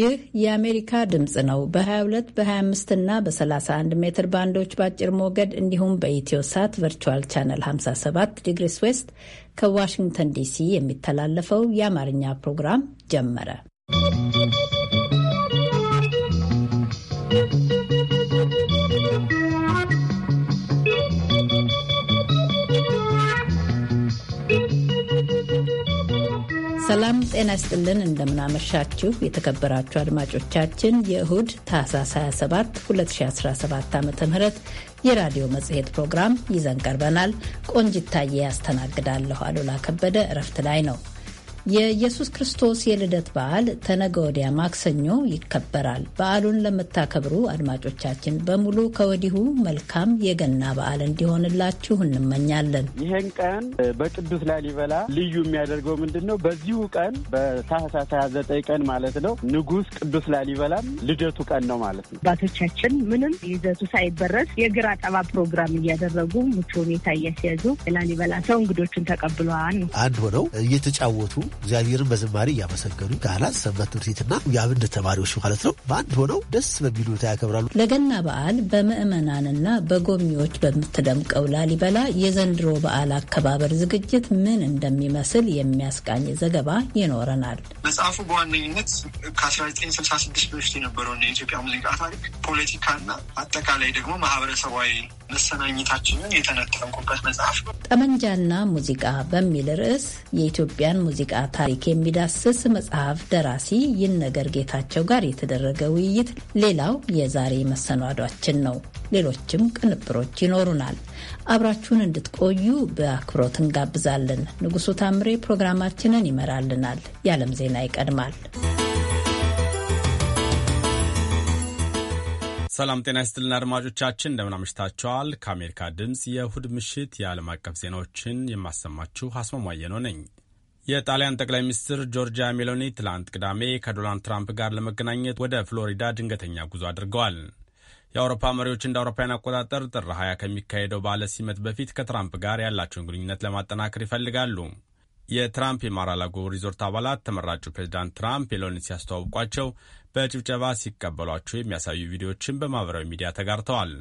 ይህ የአሜሪካ ድምፅ ነው። በ22 በ25 እና በ31 ሜትር ባንዶች በአጭር ሞገድ እንዲሁም በኢትዮ ሳት ቨርቹዋል ቻነል 57 ዲግሪስ ዌስት ከዋሽንግተን ዲሲ የሚተላለፈው የአማርኛ ፕሮግራም ጀመረ። ሰላም ጤና ይስጥልን። እንደምናመሻችሁ የተከበራችሁ አድማጮቻችን የእሁድ ታህሳስ 27 2017 ዓ ም የራዲዮ መጽሔት ፕሮግራም ይዘን ቀርበናል። ቆንጅታዬ ያስተናግዳለሁ። አሉላ ከበደ እረፍት ላይ ነው። የኢየሱስ ክርስቶስ የልደት በዓል ተነገ ወዲያ ማክሰኞ ይከበራል። በዓሉን ለምታከብሩ አድማጮቻችን በሙሉ ከወዲሁ መልካም የገና በዓል እንዲሆንላችሁ እንመኛለን። ይህን ቀን በቅዱስ ላሊበላ ልዩ የሚያደርገው ምንድን ነው? በዚሁ ቀን በታህሳስ 29 ቀን ማለት ነው ንጉሥ ቅዱስ ላሊበላም ልደቱ ቀን ነው ማለት ነው። አባቶቻችን ምንም ይዘቱ ሳይበረስ የግራ ጠባ ፕሮግራም እያደረጉ ምቹ ሁኔታ እያስያዙ ላሊበላ ሰው እንግዶቹን ተቀብለዋል። አንድ ሆነው እየተጫወቱ እግዚአብሔርን በዝማሬ እያመሰገኑ ካህናት ሰንበት ትምህርት ቤትና የአብነት ተማሪዎች ማለት ነው በአንድ ሆነው ደስ በሚሉ ሁኔታ ያከብራሉ። ለገና በዓል በምዕመናንና በጎብኚዎች በምትደምቀው ላሊበላ የዘንድሮ በዓል አከባበር ዝግጅት ምን እንደሚመስል የሚያስቃኝ ዘገባ ይኖረናል። መጽሐፉ በዋነኝነት ከ1966 በፊት የነበረውን የኢትዮጵያ ሙዚቃ ታሪክ ፖለቲካና አጠቃላይ ደግሞ ማህበረሰባዊ መሰናኝታችንን የተነተንኩበት መጽሐፍ ነው። ጠመንጃና ሙዚቃ በሚል ርዕስ የኢትዮጵያን ሙዚቃ ታሪክ የሚዳስስ መጽሐፍ ደራሲ ይነገር ጌታቸው ጋር የተደረገ ውይይት ሌላው የዛሬ መሰናዷችን ነው። ሌሎችም ቅንብሮች ይኖሩናል። አብራችሁን እንድትቆዩ በአክብሮት እንጋብዛለን። ንጉሱ ታምሬ ፕሮግራማችንን ይመራልናል። የዓለም ዜና ይቀድማል። ሰላም ጤና ይስጥልን አድማጮቻችን፣ እንደምን አምሽታችኋል? ከአሜሪካ ድምፅ የእሁድ ምሽት የዓለም አቀፍ ዜናዎችን የማሰማችሁ አስማማየኖ ነኝ። የጣሊያን ጠቅላይ ሚኒስትር ጆርጂያ ሜሎኒ ትላንት ቅዳሜ ከዶናልድ ትራምፕ ጋር ለመገናኘት ወደ ፍሎሪዳ ድንገተኛ ጉዞ አድርገዋል። የአውሮፓ መሪዎች እንደ አውሮፓውያን አቆጣጠር ጥር 20 ከሚካሄደው በዓለ ሲመት በፊት ከትራምፕ ጋር ያላቸውን ግንኙነት ለማጠናከር ይፈልጋሉ። የትራምፕ የማራላጎ ሪዞርት አባላት ተመራጩ ፕሬዚዳንት ትራምፕ ሜሎኒ ሲያስተዋውቋቸው በጭብጨባ ሲቀበሏቸው የሚያሳዩ ቪዲዮዎችን በማህበራዊ ሚዲያ ተጋርተዋል።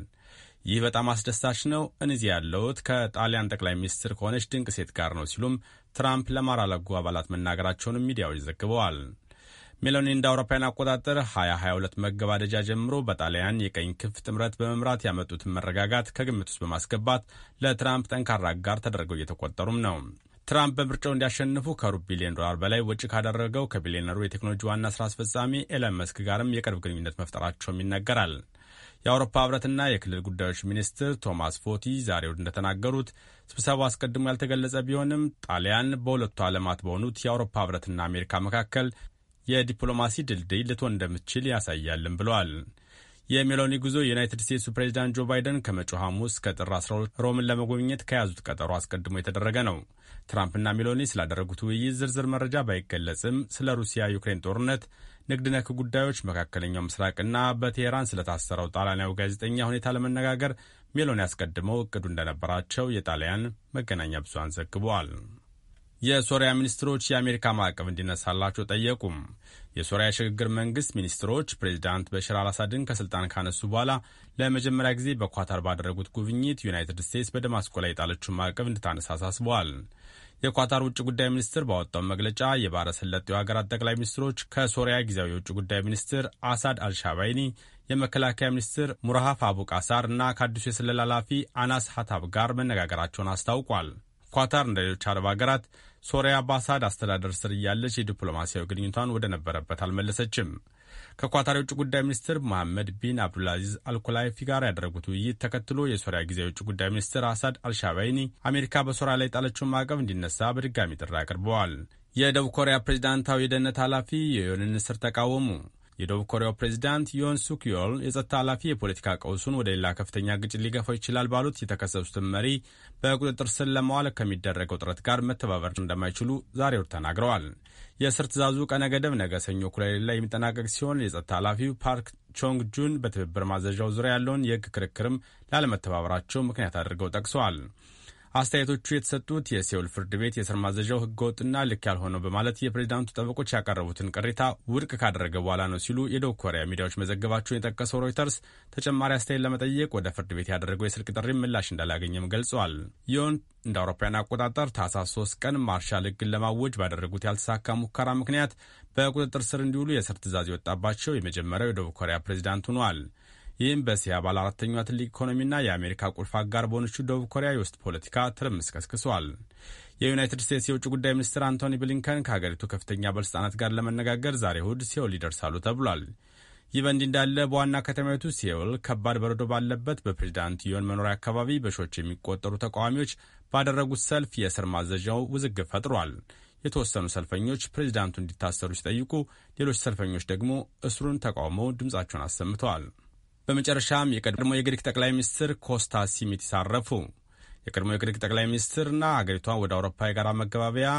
ይህ በጣም አስደሳች ነው፣ እዚህ ያለሁት ከጣሊያን ጠቅላይ ሚኒስትር ከሆነች ድንቅ ሴት ጋር ነው ሲሉም ትራምፕ ለማራለጉ አባላት መናገራቸውንም ሚዲያዎች ዘግበዋል። ሜሎኒ እንደ አውሮፓውያን አቆጣጠር 2022 መገባደጃ ጀምሮ በጣሊያን የቀኝ ክንፍ ጥምረት በመምራት ያመጡትን መረጋጋት ከግምት ውስጥ በማስገባት ለትራምፕ ጠንካራ ጋር ተደርገው እየተቆጠሩም ነው። ትራምፕ በምርጫው እንዲያሸንፉ ከሩብ ቢሊዮን ዶላር በላይ ወጪ ካደረገው ከቢሊዮነሩ የቴክኖሎጂ ዋና ስራ አስፈጻሚ ኤለን መስክ ጋርም የቅርብ ግንኙነት መፍጠራቸውም ይነገራል። የአውሮፓ ህብረትና የክልል ጉዳዮች ሚኒስትር ቶማስ ፎቲ ዛሬ እሁድ እንደተናገሩት ስብሰባው አስቀድሞ ያልተገለጸ ቢሆንም ጣሊያን በሁለቱ ዓለማት በሆኑት የአውሮፓ ህብረትና አሜሪካ መካከል የዲፕሎማሲ ድልድይ ልትሆን እንደምትችል ያሳያልም ብለዋል። የሜሎኒ ጉዞ የዩናይትድ ስቴትሱ ፕሬዚዳንት ጆ ባይደን ከመጪው ሐሙስ ከጥር 12 ሮምን ለመጎብኘት ከያዙት ቀጠሮ አስቀድሞ የተደረገ ነው። ትራምፕና ሚሎኒ ስላደረጉት ውይይት ዝርዝር መረጃ ባይገለጽም ስለ ሩሲያ ዩክሬን ጦርነት፣ ንግድ ነክ ጉዳዮች፣ መካከለኛው ምስራቅና በቴሄራን ስለታሰረው ጣሊያናዊ ጋዜጠኛ ሁኔታ ለመነጋገር ሜሎኒ አስቀድመው እቅዱ እንደነበራቸው የጣሊያን መገናኛ ብዙሃን ዘግበዋል። የሶሪያ ሚኒስትሮች የአሜሪካ ማዕቀብ እንዲነሳላቸው ጠየቁም። የሶሪያ የሽግግር መንግስት ሚኒስትሮች ፕሬዚዳንት በሽር አልአሳድን ከስልጣን ካነሱ በኋላ ለመጀመሪያ ጊዜ በኳታር ባደረጉት ጉብኝት ዩናይትድ ስቴትስ በደማስቆ ላይ የጣለችውን ማዕቀብ እንድታነሳ አሳስበዋል። የኳታር ውጭ ጉዳይ ሚኒስትር ባወጣው መግለጫ የባሕረ ሰላጤው ሀገራት ጠቅላይ ሚኒስትሮች ከሶሪያ ጊዜያዊ የውጭ ጉዳይ ሚኒስትር አሳድ አልሻባይኒ፣ የመከላከያ ሚኒስትር ሙርሃፍ አቡቃሳር እና ከአዲሱ የስለላ ኃላፊ አናስ ሀታብ ጋር መነጋገራቸውን አስታውቋል። ኳታር እንደ ሌሎች አረብ ሀገራት ሶሪያ በአሳድ አስተዳደር ስር እያለች የዲፕሎማሲያዊ ግንኙቷን ወደ ነበረበት አልመለሰችም። ከኳታሪ የውጭ ጉዳይ ሚኒስትር መሐመድ ቢን አብዱልአዚዝ አልኮላይፊ ጋር ያደረጉት ውይይት ተከትሎ የሶሪያ ጊዜ የውጭ ጉዳይ ሚኒስትር አሳድ አልሻባይኒ አሜሪካ በሶሪያ ላይ የጣለችውን ማዕቀብ እንዲነሳ በድጋሚ ጥሪ አቅርበዋል። የደቡብ ኮሪያ ፕሬዚዳንታዊ የደህንነት ኃላፊ የዮንን እስር ተቃወሙ። የደቡብ ኮሪያው ፕሬዚዳንት ዮን ሱክዮል የጸጥታ ኃላፊ የፖለቲካ ቀውሱን ወደ ሌላ ከፍተኛ ግጭት ሊገፋው ይችላል ባሉት የተከሰሱትን መሪ በቁጥጥር ስር ለማዋል ከሚደረገው ጥረት ጋር መተባበር እንደማይችሉ ዛሬው ተናግረዋል። የእስር ትእዛዙ ቀነ ገደብ ነገ ሰኞ እኩለ ሌሊት ላይ የሚጠናቀቅ ሲሆን የጸጥታ ኃላፊው ፓርክ ቾንግ ጁን በትብብር ማዘዣው ዙሪያ ያለውን የህግ ክርክርም ላለመተባበራቸው ምክንያት አድርገው ጠቅሰዋል። አስተያየቶቹ የተሰጡት የሴውል ፍርድ ቤት የስር ማዘዣው ህገወጥና ልክ ያልሆነው በማለት የፕሬዚዳንቱ ጠበቆች ያቀረቡትን ቅሬታ ውድቅ ካደረገ በኋላ ነው ሲሉ የደቡብ ኮሪያ ሚዲያዎች መዘገባቸውን የጠቀሰው ሮይተርስ ተጨማሪ አስተያየት ለመጠየቅ ወደ ፍርድ ቤት ያደረገው የስልክ ጥሪ ምላሽ እንዳላገኘም ገልጿል። ይሁን እንደ አውሮፓውያን አቆጣጠር ታህሳስ 3 ቀን ማርሻል ህግን ለማወጅ ባደረጉት ያልተሳካ ሙከራ ምክንያት በቁጥጥር ስር እንዲውሉ የስር ትእዛዝ የወጣባቸው የመጀመሪያው የደቡብ ኮሪያ ፕሬዚዳንት ሆኗል። ይህም በሲያ ባለ አራተኛዋ ትልቅ ኢኮኖሚና የአሜሪካ ቁልፍ አጋር በሆነችው ደቡብ ኮሪያ የውስጥ ፖለቲካ ትርምስ ቀስቅሷል። የዩናይትድ ስቴትስ የውጭ ጉዳይ ሚኒስትር አንቶኒ ብሊንከን ከሀገሪቱ ከፍተኛ በልስጣናት ጋር ለመነጋገር ዛሬ እሁድ ሲኦል ይደርሳሉ ተብሏል። ይህ በእንዲህ እንዳለ በዋና ከተማይቱ ሲኦል ከባድ በረዶ ባለበት በፕሬዚዳንት ዮን መኖሪያ አካባቢ በሺዎች የሚቆጠሩ ተቃዋሚዎች ባደረጉት ሰልፍ የእስር ማዘዣው ውዝግብ ፈጥሯል። የተወሰኑ ሰልፈኞች ፕሬዚዳንቱ እንዲታሰሩ ሲጠይቁ፣ ሌሎች ሰልፈኞች ደግሞ እስሩን ተቃውመው ድምፃቸውን አሰምተዋል። በመጨረሻም የቀድሞ የግሪክ ጠቅላይ ሚኒስትር ኮስታስ ሲሚቲስ አረፉ። የቀድሞ የግሪክ ጠቅላይ ሚኒስትርና አገሪቷን ወደ አውሮፓ የጋራ መገባበያ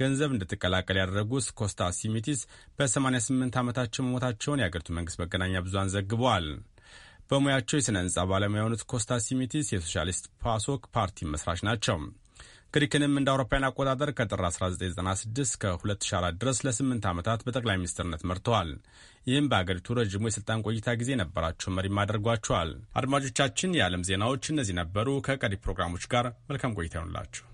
ገንዘብ እንድትቀላቀል ያደረጉት ኮስታ ሲሚቲስ በ88 ዓመታቸው መሞታቸውን የአገሪቱ መንግሥት መገናኛ ብዙሃን ዘግበዋል። በሙያቸው የሥነ ሕንፃ ባለሙያ የሆኑት ኮስታ ሲሚቲስ የሶሻሊስት ፓሶክ ፓርቲ መስራች ናቸው። ክሪክንም እንደ አውሮፓውያን አቆጣጠር ከጥር 1996 እስከ 2004 ድረስ ለ8 ዓመታት በጠቅላይ ሚኒስትርነት መርተዋል። ይህም በአገሪቱ ረዥሙ የሥልጣን ቆይታ ጊዜ የነበራቸው መሪም አድርጓቸዋል። አድማጮቻችን፣ የዓለም ዜናዎች እነዚህ ነበሩ። ከቀሪ ፕሮግራሞች ጋር መልካም ቆይታ ይሆንላችሁ።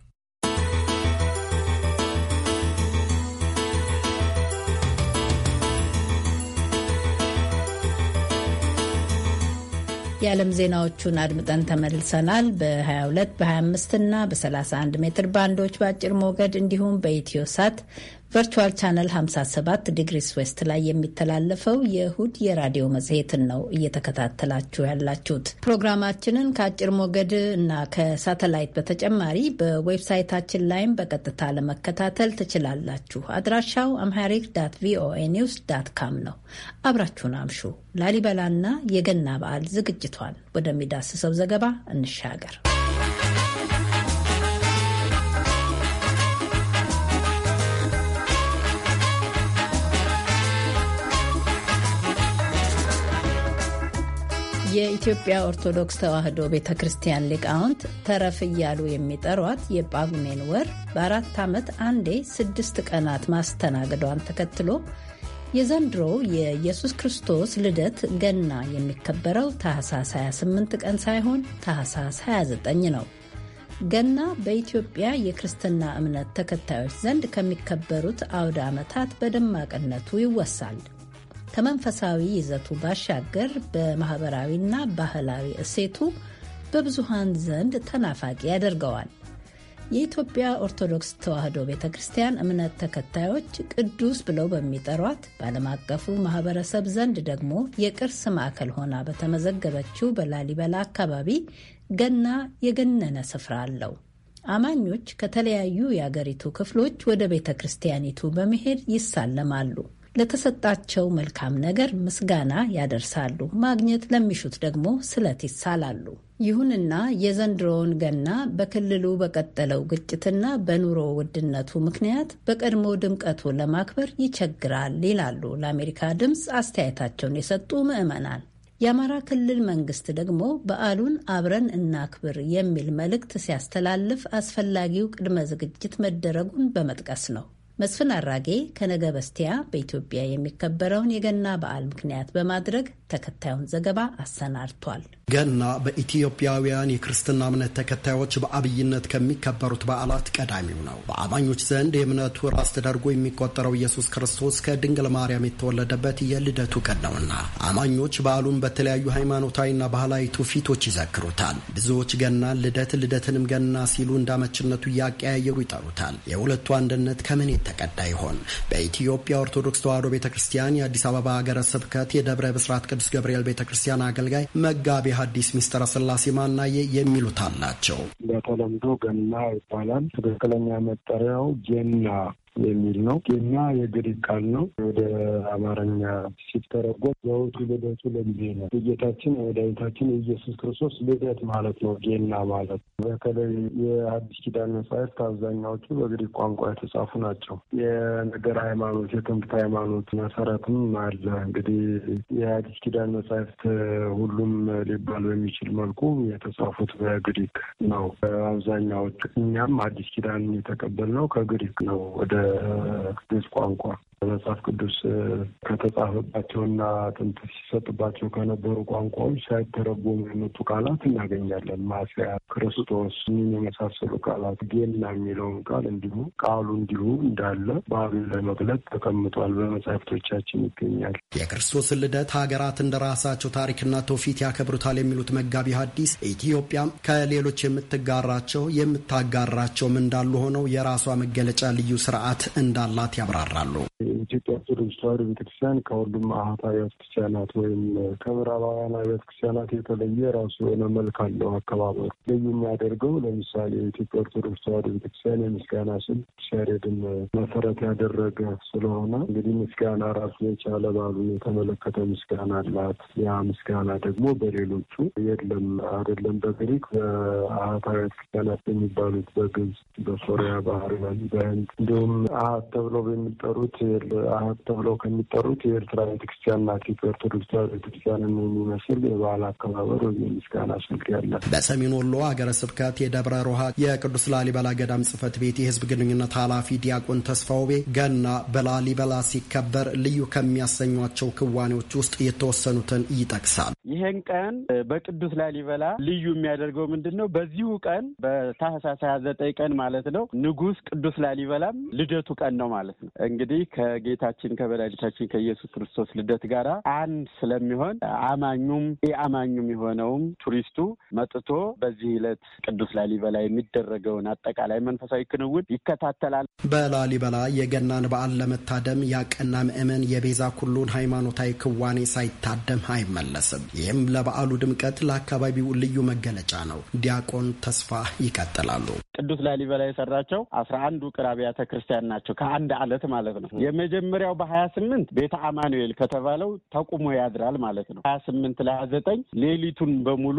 የዓለም ዜናዎቹን አድምጠን ተመልሰናል። በ22 በ25 እና በ31 ሜትር ባንዶች በአጭር ሞገድ እንዲሁም በኢትዮ ሳት ቨርቹዋል ቻነል 57 ዲግሪስ ዌስት ላይ የሚተላለፈው የእሁድ የራዲዮ መጽሔትን ነው እየተከታተላችሁ ያላችሁት። ፕሮግራማችንን ከአጭር ሞገድ እና ከሳተላይት በተጨማሪ በዌብሳይታችን ላይም በቀጥታ ለመከታተል ትችላላችሁ። አድራሻው አምሃሪክ ዳት ቪኦኤ ኒውስ ዳት ካም ነው። አብራችሁን አምሹ። ላሊበላና የገና በዓል ዝግጅቷን ወደሚዳስሰው ዘገባ እንሻገር። የኢትዮጵያ ኦርቶዶክስ ተዋሕዶ ቤተ ክርስቲያን ሊቃውንት ተረፍ እያሉ የሚጠሯት የጳጉሜን ወር በአራት ዓመት አንዴ ስድስት ቀናት ማስተናገዷን ተከትሎ የዘንድሮው የኢየሱስ ክርስቶስ ልደት ገና የሚከበረው ታህሳስ 28 ቀን ሳይሆን ታህሳስ 29 ነው። ገና በኢትዮጵያ የክርስትና እምነት ተከታዮች ዘንድ ከሚከበሩት አውደ ዓመታት በደማቅነቱ ይወሳል። ከመንፈሳዊ ይዘቱ ባሻገር በማህበራዊና ባህላዊ እሴቱ በብዙሃን ዘንድ ተናፋቂ ያደርገዋል። የኢትዮጵያ ኦርቶዶክስ ተዋሕዶ ቤተ ክርስቲያን እምነት ተከታዮች ቅዱስ ብለው በሚጠሯት በዓለም አቀፉ ማህበረሰብ ዘንድ ደግሞ የቅርስ ማዕከል ሆና በተመዘገበችው በላሊበላ አካባቢ ገና የገነነ ስፍራ አለው። አማኞች ከተለያዩ የአገሪቱ ክፍሎች ወደ ቤተ ክርስቲያኒቱ በመሄድ ይሳለማሉ። ለተሰጣቸው መልካም ነገር ምስጋና ያደርሳሉ፣ ማግኘት ለሚሹት ደግሞ ስለት ይሳላሉ። ይሁንና የዘንድሮውን ገና በክልሉ በቀጠለው ግጭትና በኑሮ ውድነቱ ምክንያት በቀድሞ ድምቀቱ ለማክበር ይቸግራል ይላሉ ለአሜሪካ ድምፅ አስተያየታቸውን የሰጡ ምዕመናን። የአማራ ክልል መንግስት ደግሞ በዓሉን አብረን እናክብር የሚል መልእክት ሲያስተላልፍ አስፈላጊው ቅድመ ዝግጅት መደረጉን በመጥቀስ ነው መስፍን አራጌ ከነገ በስቲያ በኢትዮጵያ የሚከበረውን የገና በዓል ምክንያት በማድረግ ተከታዩን ዘገባ አሰናድቷል። ገና በኢትዮጵያውያን የክርስትና እምነት ተከታዮች በአብይነት ከሚከበሩት በዓላት ቀዳሚው ነው። በአማኞች ዘንድ የእምነቱ ራስ ተደርጎ የሚቆጠረው ኢየሱስ ክርስቶስ ከድንግል ማርያም የተወለደበት የልደቱ ቀን ነውና አማኞች በዓሉን በተለያዩ ሃይማኖታዊና ባህላዊ ትውፊቶች ይዘክሩታል። ብዙዎች ገናን ልደት፣ ልደትንም ገና ሲሉ እንዳመችነቱ እያቀያየሩ ይጠሩታል። የሁለቱ አንድነት ከምን የተቀዳ ይሆን? በኢትዮጵያ ኦርቶዶክስ ተዋሕዶ ቤተ ክርስቲያን የአዲስ አበባ ሀገረ ስብከት የደብረ ብስራት ቅዱስ ገብርኤል ቤተ ክርስቲያን አገልጋይ መጋቢ ሐዲስ ሚስተር ስላሴ ማናየ የሚሉት አላቸው። በተለምዶ ገና ይባላል። ትክክለኛ መጠሪያው ጀና የሚል ነው ና የግሪክ ቃል ነው። ወደ አማርኛ ሲተረጎም ዘወቱ ልደቱ ለጊዜ ነው። የጌታችን የመድኃኒታችን የኢየሱስ ክርስቶስ ልደት ማለት ነው። ጌና ማለት በተለይ የአዲስ ኪዳን መጽሐፍት አብዛኛዎቹ በግሪክ ቋንቋ የተጻፉ ናቸው። የነገር ሃይማኖት፣ የትምህርት ሃይማኖት መሰረትም አለ። እንግዲህ የአዲስ ኪዳን መጽሐፍት ሁሉም ሊባል በሚችል መልኩ የተጻፉት በግሪክ ነው አብዛኛዎቹ። እኛም አዲስ ኪዳን የተቀበልነው ከግሪክ ነው ወደ በግዕዝ ቋንቋ በመጽሐፍ ቅዱስ ከተጻፈባቸውና ጥንት ሲሰጥባቸው ከነበሩ ቋንቋዎች ሳይተረጎሙ የመጡ ቃላት እናገኛለን። ማስያ፣ ክርስቶስ ሚን የመሳሰሉ ቃላት፣ ጌና የሚለውን ቃል እንዲሁ ቃሉ እንዲሁ እንዳለ በአብን ለመግለጥ ተቀምጧል። በመጽሐፍቶቻችን ይገኛል። የክርስቶስን ልደት ሀገራት እንደ ራሳቸው ታሪክና ትውፊት ያከብሩታል የሚሉት መጋቢ ሐዲስ ኢትዮጵያም ከሌሎች የምትጋራቸው የምታጋራቸውም እንዳሉ ሆነው የራሷ መገለጫ ልዩ ስርዓት እንዳላት ያብራራሉ። የኢትዮጵያ ኦርቶዶክስ ተዋሕዶ ቤተክርስቲያን ከሁሉም አህት አብያተ ክርስቲያናት ወይም ከምዕራባውያን አብያተ ክርስቲያናት የተለየ ራሱ የሆነ መልክ አለው። አከባበሩ ልዩ የሚያደርገው ለምሳሌ የኢትዮጵያ ኦርቶዶክስ ተዋሕዶ ቤተክርስቲያን የምስጋና ስል ሲያሬድን መሰረት ያደረገ ስለሆነ እንግዲህ ምስጋና ራሱ የቻለ ባሉ የተመለከተ ምስጋና አላት። ያ ምስጋና ደግሞ በሌሎቹ የለም አይደለም። በግሪክ በአህት አብያተ ክርስቲያናት የሚባሉት በግብጽ፣ በሶሪያ ባህር፣ በህንድ እንዲሁም አህት ተብለው በሚጠሩት አህት ተብለው ከሚጠሩት የኤርትራ ቤተክርስቲያን ናቸው። ኦርቶዶክስ ቤተክርስቲያንን የሚመስል የበዓል አከባበር ወይም ምስጋና ስልክ ያለ በሰሜን ወሎ ሀገረ ስብከት የደብረ ሮሃ የቅዱስ ላሊበላ ገዳም ጽህፈት ቤት የህዝብ ግንኙነት ኃላፊ ዲያቆን ተስፋውቤ ገና በላሊበላ ሲከበር ልዩ ከሚያሰኟቸው ክዋኔዎች ውስጥ የተወሰኑትን ይጠቅሳል። ይህን ቀን በቅዱስ ላሊበላ ልዩ የሚያደርገው ምንድን ነው? በዚሁ ቀን በታህሳስ ሀያ ዘጠኝ ቀን ማለት ነው ንጉስ ቅዱስ ላሊበላም ልደቱ ቀን ነው ማለት ነው እንግዲህ ከ ከጌታችን ከመድኃኒታችን ከኢየሱስ ክርስቶስ ልደት ጋር አንድ ስለሚሆን አማኙም የአማኙም የሆነውም ቱሪስቱ መጥቶ በዚህ ዕለት ቅዱስ ላሊበላ የሚደረገውን አጠቃላይ መንፈሳዊ ክንውን ይከታተላል። በላሊበላ የገናን በዓል ለመታደም ያቀና ምእመን የቤዛ ኩሉን ሃይማኖታዊ ክዋኔ ሳይታደም አይመለስም። ይህም ለበዓሉ ድምቀት፣ ለአካባቢው ልዩ መገለጫ ነው። ዲያቆን ተስፋ ይቀጥላሉ። ቅዱስ ላሊበላ የሰራቸው አስራ አንዱ ውቅር አብያተ ክርስቲያን ናቸው። ከአንድ አለት ማለት ነው። የመጀመሪያው በሀያ ስምንት ቤተ አማኑኤል ከተባለው ተቁሞ ያድራል ማለት ነው። ሀያ ስምንት ለሀያ ዘጠኝ ሌሊቱን በሙሉ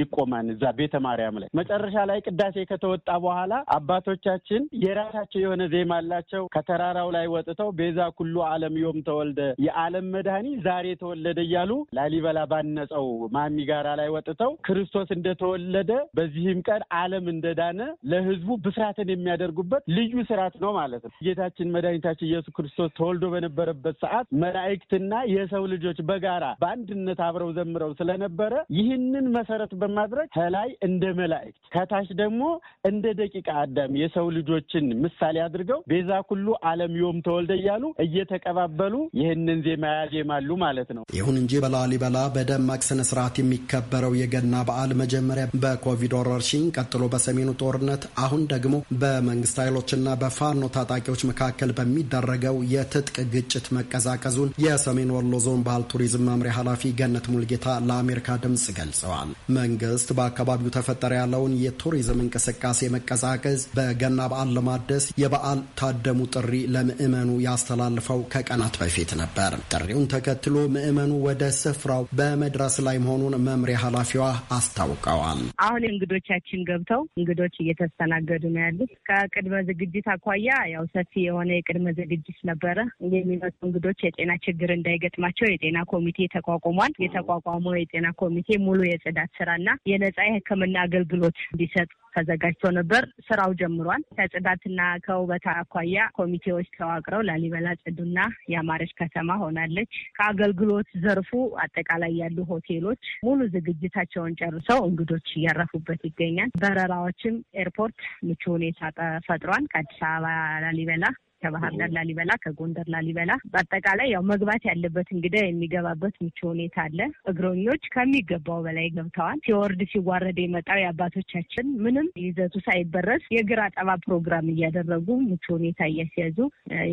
ይቆማን እዛ ቤተ ማርያም ላይ። መጨረሻ ላይ ቅዳሴ ከተወጣ በኋላ አባቶቻችን የራሳቸው የሆነ ዜማ አላቸው። ከተራራው ላይ ወጥተው ቤዛ ኩሉ ዓለም ዮም ተወልደ የዓለም መድኃኒ ዛሬ ተወለደ እያሉ ላሊበላ ባነጸው ማሚ ጋራ ላይ ወጥተው ክርስቶስ እንደተወለደ በዚህም ቀን ዓለም እንደዳነ ለሕዝቡ ብስራትን የሚያደርጉበት ልዩ ስርዓት ነው ማለት ነው። ጌታችን መድኃኒታችን ኢየሱስ ክርስቶስ ክርስቶስ ተወልዶ በነበረበት ሰዓት መላእክትና የሰው ልጆች በጋራ በአንድነት አብረው ዘምረው ስለነበረ ይህንን መሰረት በማድረግ ከላይ እንደ መላእክት ከታች ደግሞ እንደ ደቂቃ አዳም የሰው ልጆችን ምሳሌ አድርገው ቤዛ ሁሉ ዓለም ዮም ተወልደ እያሉ እየተቀባበሉ ይህንን ዜማ ያዜማሉ ማለት ነው። ይሁን እንጂ በላሊበላ በደማቅ ስነ ስርዓት የሚከበረው የገና በዓል መጀመሪያ በኮቪድ ወረርሽኝ ቀጥሎ በሰሜኑ ጦርነት አሁን ደግሞ በመንግስት ኃይሎችና በፋኖ ታጣቂዎች መካከል በሚደረገው የትጥቅ ግጭት መቀዛቀዙን የሰሜን ወሎ ዞን ባህል ቱሪዝም መምሪያ ኃላፊ ገነት ሙልጌታ ለአሜሪካ ድምፅ ገልጸዋል። መንግስት በአካባቢው ተፈጠረ ያለውን የቱሪዝም እንቅስቃሴ መቀዛቀዝ በገና በዓል ለማደስ የበዓል ታደሙ ጥሪ ለምዕመኑ ያስተላልፈው ከቀናት በፊት ነበር። ጥሪውን ተከትሎ ምዕመኑ ወደ ስፍራው በመድረስ ላይ መሆኑን መምሪያ ኃላፊዋ አስታውቀዋል። አሁን እንግዶቻችን ገብተው እንግዶች እየተስተናገዱ ነው ያሉት። ከቅድመ ዝግጅት አኳያ ያው ሰፊ የሆነ የቅድመ ዝግጅት ነበረ። የሚመጡ እንግዶች የጤና ችግር እንዳይገጥማቸው የጤና ኮሚቴ ተቋቁሟል። የተቋቋመው የጤና ኮሚቴ ሙሉ የጽዳት ስራና የነጻ የሕክምና አገልግሎት እንዲሰጥ ተዘጋጅቶ ነበር። ስራው ጀምሯል። ከጽዳትና ከውበት አኳያ ኮሚቴዎች ተዋቅረው ላሊበላ ጽዱና የአማረች ከተማ ሆናለች። ከአገልግሎት ዘርፉ አጠቃላይ ያሉ ሆቴሎች ሙሉ ዝግጅታቸውን ጨርሰው እንግዶች እያረፉበት ይገኛል። በረራዎችም ኤርፖርት ምቹ ሁኔታ ፈጥሯል። ከአዲስ አበባ ላሊበላ ከባህር ዳር ላሊበላ፣ ከጎንደር ላሊበላ በአጠቃላይ ያው መግባት ያለበት እንግዳ የሚገባበት ምቹ ሁኔታ አለ። እግረኞች ከሚገባው በላይ ገብተዋል። ሲወርድ ሲዋረድ የመጣው የአባቶቻችን ምንም ይዘቱ ሳይበረስ የግር አጠባ ፕሮግራም እያደረጉ ምቹ ሁኔታ እያስያዙ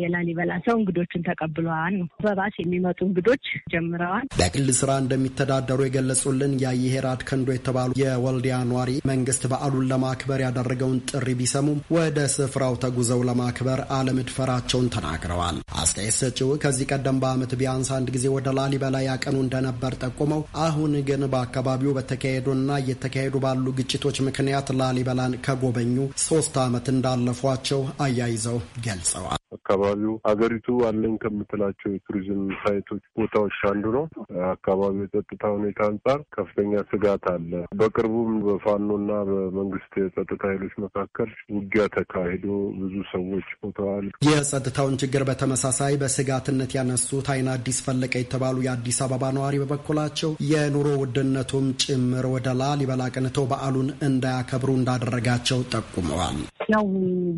የላሊበላ ሰው እንግዶችን ተቀብለዋል ነው። በባስ የሚመጡ እንግዶች ጀምረዋል። በግል ስራ እንደሚተዳደሩ የገለጹልን የይሄራድ ከንዶ የተባሉ የወልዲያ ኗሪ መንግስት በዓሉን ለማክበር ያደረገውን ጥሪ ቢሰሙም ወደ ስፍራው ተጉዘው ለማክበር አለምድፈ መደፈራቸውን ተናግረዋል። አስተያየት ሰጪው ከዚህ ቀደም በዓመት ቢያንስ አንድ ጊዜ ወደ ላሊበላ ያቀኑ እንደነበር ጠቁመው አሁን ግን በአካባቢው በተካሄዱና እየተካሄዱ ባሉ ግጭቶች ምክንያት ላሊበላን ከጎበኙ ሶስት ዓመት እንዳለፏቸው አያይዘው ገልጸዋል። አካባቢው ሀገሪቱ አለኝ ከምትላቸው የቱሪዝም ሳይቶች ቦታዎች አንዱ ነው። አካባቢው የጸጥታ ሁኔታ አንጻር ከፍተኛ ስጋት አለ። በቅርቡም በፋኖና በመንግስት የጸጥታ ኃይሎች መካከል ውጊያ ተካሂዶ ብዙ ሰዎች ሞተዋል። የጸጥታውን ችግር በተመሳሳይ በስጋትነት ያነሱት አይን አዲስ ፈለቀ የተባሉ የአዲስ አበባ ነዋሪ በበኩላቸው የኑሮ ውድነቱም ጭምር ወደ ላሊበላ ቅንተው በዓሉን እንዳያከብሩ እንዳደረጋቸው ጠቁመዋል። ያው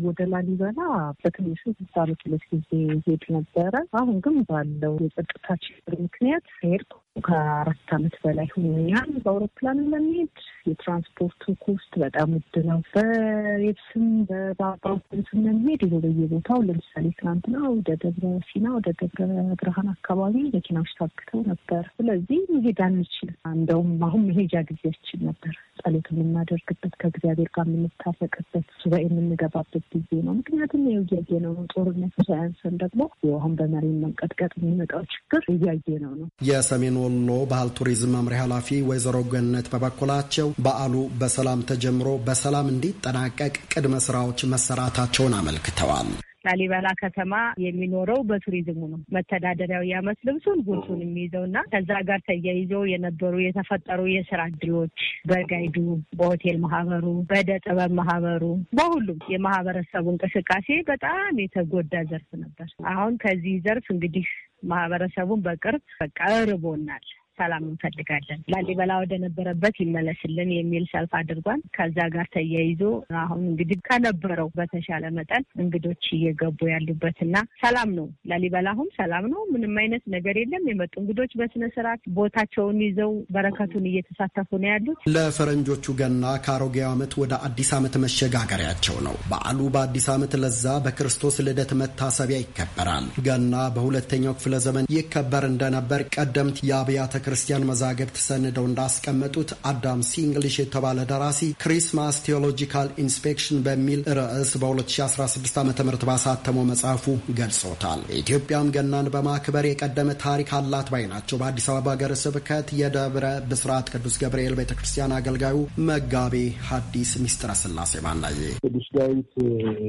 ወደ ላሊበላ በትንሹ ስሳ ባሉት ሁለት ጊዜ ሄድ ነበረ። አሁን ግን ባለው የጸጥታ ችግር ምክንያት ሄድኩ ከአራት አመት በላይ ሆኖኛል። በአውሮፕላን ለመሄድ የትራንስፖርቱ ኮስት በጣም ውድ ነው። በየብስም በባባቡን ስንሄድ ይኸው በየቦታው ለምሳሌ ትናንትና ወደ ደብረ ሲና ወደ ደብረ ብርሃን አካባቢ መኪናዎች ታግተው ነበር። ስለዚህ መሄድ አንችል። እንደውም አሁን መሄጃ ጊዜያችን ነበር። ጸሎት የምናደርግበት ከእግዚአብሔር ጋር የምንታረቅበት ሱባኤ የምንገባበት ጊዜ ነው። ምክንያቱም ይኸው እያየ ነው ጦርነቱ ሳያንሰን ደግሞ አሁን በመሬት መንቀጥቀጥ የሚመጣው ችግር እያየ ነው ነው የሰሜኑ የወሎ ባህል ቱሪዝም መምሪያ ኃላፊ ወይዘሮ ገነት በበኩላቸው በዓሉ በሰላም ተጀምሮ በሰላም እንዲጠናቀቅ ቅድመ ስራዎች መሰራታቸውን አመልክተዋል። ላሊበላ ከተማ የሚኖረው በቱሪዝሙ ነው። መተዳደሪያው የአመት ልብሱን ጉርሱን የሚይዘው እና ከዛ ጋር ተያይዞ የነበሩ የተፈጠሩ የስራ እድሎች በጋይዱ፣ በሆቴል ማህበሩ፣ በደ ጥበብ ማህበሩ፣ በሁሉም የማህበረሰቡ እንቅስቃሴ በጣም የተጎዳ ዘርፍ ነበር። አሁን ከዚህ ዘርፍ እንግዲህ ማህበረሰቡን በቅርብ በቃ እርቦናል ሰላም እንፈልጋለን፣ ላሊበላ ወደ ነበረበት ይመለስልን የሚል ሰልፍ አድርጓል። ከዛ ጋር ተያይዞ አሁን እንግዲህ ከነበረው በተሻለ መጠን እንግዶች እየገቡ ያሉበትና ሰላም ነው። ላሊበላ አሁን ሰላም ነው። ምንም አይነት ነገር የለም። የመጡ እንግዶች በስነ ስርዓት ቦታቸውን ይዘው በረከቱን እየተሳተፉ ነው ያሉት። ለፈረንጆቹ ገና ከአሮጌው ዓመት ወደ አዲስ ዓመት መሸጋገሪያቸው ነው። በዓሉ በአዲስ ዓመት ለዛ በክርስቶስ ልደት መታሰቢያ ይከበራል። ገና በሁለተኛው ክፍለ ዘመን ይከበር እንደነበር ቀደምት የአብያተ ክርስቲያን መዛግብት ሰንደው እንዳስቀመጡት አዳም ሲንግሊሽ የተባለ ደራሲ ክሪስማስ ቴዎሎጂካል ኢንስፔክሽን በሚል ርዕስ በ2016 ዓ ም ባሳተመው መጽሐፉ ገልጾታል። ኢትዮጵያም ገናን በማክበር የቀደመ ታሪክ አላት ባይ ናቸው። በአዲስ አበባ ሀገረ ስብከት የደብረ ብስራት ቅዱስ ገብርኤል ቤተ ክርስቲያን አገልጋዩ መጋቤ ሐዲስ ሚስጥረ ስላሴ ማናዬ ቅዱስ ዳዊት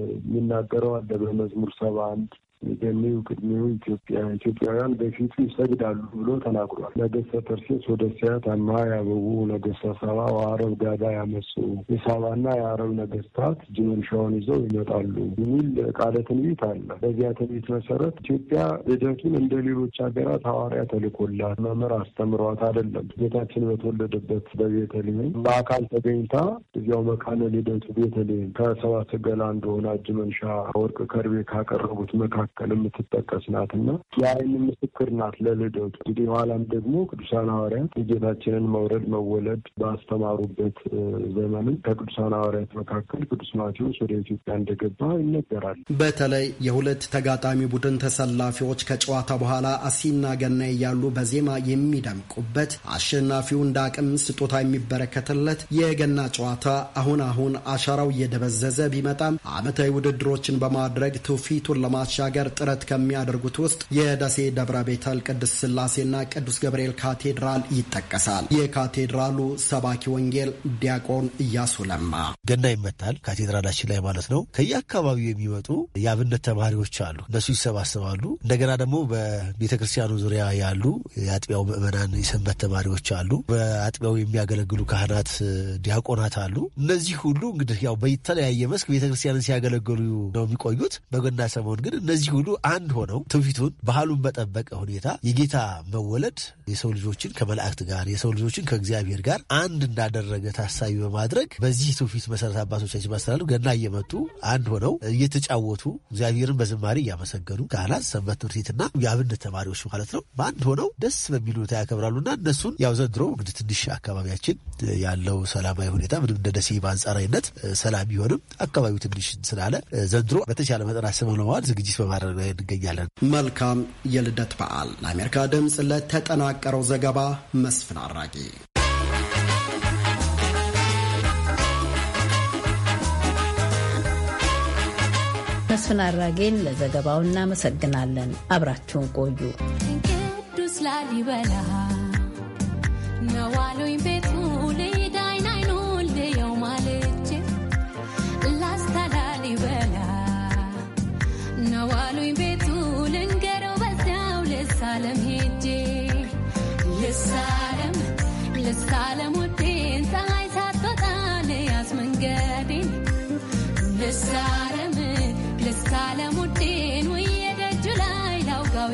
የሚናገረው አለ በመዝሙር ሰባ አንድ የገሌው ቅድሜው ኢትዮጵያ ኢትዮጵያውያን በፊቱ ይሰግዳሉ ብሎ ተናግሯል። ነገሥተ ተርሴስ ወደሲያ ታማ ያበቡ ነገሥተ ሰባ አረብ ጋዳ ያመጹ የሳባና የአረብ ነገስታት ጅመንሻውን ይዘው ይመጣሉ የሚል ቃለ ትንቢት አለ። በዚያ ትንቢት መሰረት ኢትዮጵያ ልደቱን እንደ ሌሎች ሀገራት ሐዋርያ ተልኮላት መምህር አስተምሯት አይደለም። ጌታችን በተወለደበት በቤተልሔም በአካል ተገኝታ እዚያው መካነ ልደቱ ቤተልሔም ከሰባት ሰገላ እንደሆነ እጅ ወርቅ ከርቤ ካቀረቡት መካከል መካከል የምትጠቀስ ናት እና የአይን ምስክር ናት ለልደቱ። እንግዲህ ኋላም ደግሞ ቅዱሳን ሐዋርያት የጌታችንን መውረድ መወለድ ባስተማሩበት ዘመንም ከቅዱሳን ሐዋርያት መካከል ቅዱስ ማቴዎስ ወደ ኢትዮጵያ እንደገባ ይነገራል። በተለይ የሁለት ተጋጣሚ ቡድን ተሰላፊዎች ከጨዋታ በኋላ አሲና ገና እያሉ በዜማ የሚደምቁበት አሸናፊው እንደ አቅም ስጦታ የሚበረከትለት የገና ጨዋታ አሁን አሁን አሻራው እየደበዘዘ ቢመጣም ዓመታዊ ውድድሮችን በማድረግ ትውፊቱን ለማሻገር ለመሻገር ጥረት ከሚያደርጉት ውስጥ የደሴ ደብረ ቤተል ቅድስት ስላሴና ቅዱስ ገብርኤል ካቴድራል ይጠቀሳል። የካቴድራሉ ሰባኪ ወንጌል ዲያቆን እያሱ ለማ ገና ይመታል ካቴድራላችን ላይ ማለት ነው። ከየአካባቢው የሚመጡ የአብነት ተማሪዎች አሉ። እነሱ ይሰባሰባሉ። እንደገና ደግሞ በቤተ ክርስቲያኑ ዙሪያ ያሉ የአጥቢያው ምእመናን የሰንበት ተማሪዎች አሉ። በአጥቢያው የሚያገለግሉ ካህናት፣ ዲያቆናት አሉ። እነዚህ ሁሉ እንግዲህ ያው በተለያየ መስክ ቤተ ክርስቲያንን ሲያገለግሉ ነው የሚቆዩት። በገና ሰሞን ግን እነዚህ እነዚህ ሁሉ አንድ ሆነው ትውፊቱን ባህሉን በጠበቀ ሁኔታ የጌታ መወለድ የሰው ልጆችን ከመላእክት ጋር የሰው ልጆችን ከእግዚአብሔር ጋር አንድ እንዳደረገ ታሳቢ በማድረግ በዚህ ትውፊት መሰረት አባቶቻችን ማስተላለፍ ገና እየመጡ አንድ ሆነው እየተጫወቱ እግዚአብሔርን በዝማሬ እያመሰገኑ ካህናት፣ ሰንበት ትምህርት ቤትና የአብነት ተማሪዎች ማለት ነው በአንድ ሆነው ደስ በሚል ሁኔታ ያከብራሉና እነሱን ያው ዘንድሮ እንግዲህ ትንሽ አካባቢያችን ያለው ሰላማዊ ሁኔታ ምንም እንደ ደሴ በአንጻራዊነት ሰላም ቢሆንም አካባቢው ትንሽ ስላለ ዘንድሮ በተቻለ መጠን አስበው ለመዋል ዝግጅት በማ እያደረገ እንገኛለን። መልካም የልደት በዓል። ለአሜሪካ ድምፅ ለተጠናቀረው ዘገባ መስፍን አራጌ መስፍን አራጌን ለዘገባው እናመሰግናለን። አብራችሁን ቆዩ። ቅዱስ ላሊበላ ነዋሉኝ ቤቱ ደስ አለሙዴን ውዬ ደጁ ላይ ላውጋው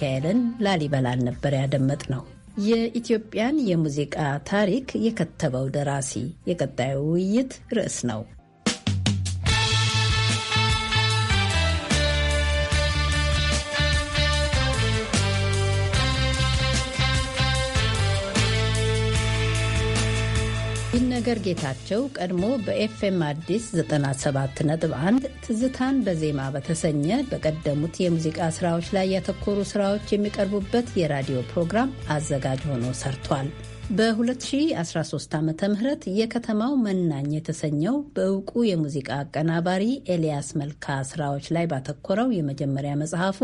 ሚካኤልን ላሊበላን ነበር ያደመጥ ነው። የኢትዮጵያን የሙዚቃ ታሪክ የከተበው ደራሲ የቀጣዩ ውይይት ርዕስ ነው። ይህ ነገር ጌታቸው ቀድሞ በኤፍኤም አዲስ 97 ነጥ1 ትዝታን በዜማ በተሰኘ በቀደሙት የሙዚቃ ስራዎች ላይ ያተኮሩ ስራዎች የሚቀርቡበት የራዲዮ ፕሮግራም አዘጋጅ ሆኖ ሰርቷል። በ2013 ዓ ም የከተማው መናኝ የተሰኘው በእውቁ የሙዚቃ አቀናባሪ ኤልያስ መልካ ስራዎች ላይ ባተኮረው የመጀመሪያ መጽሐፉ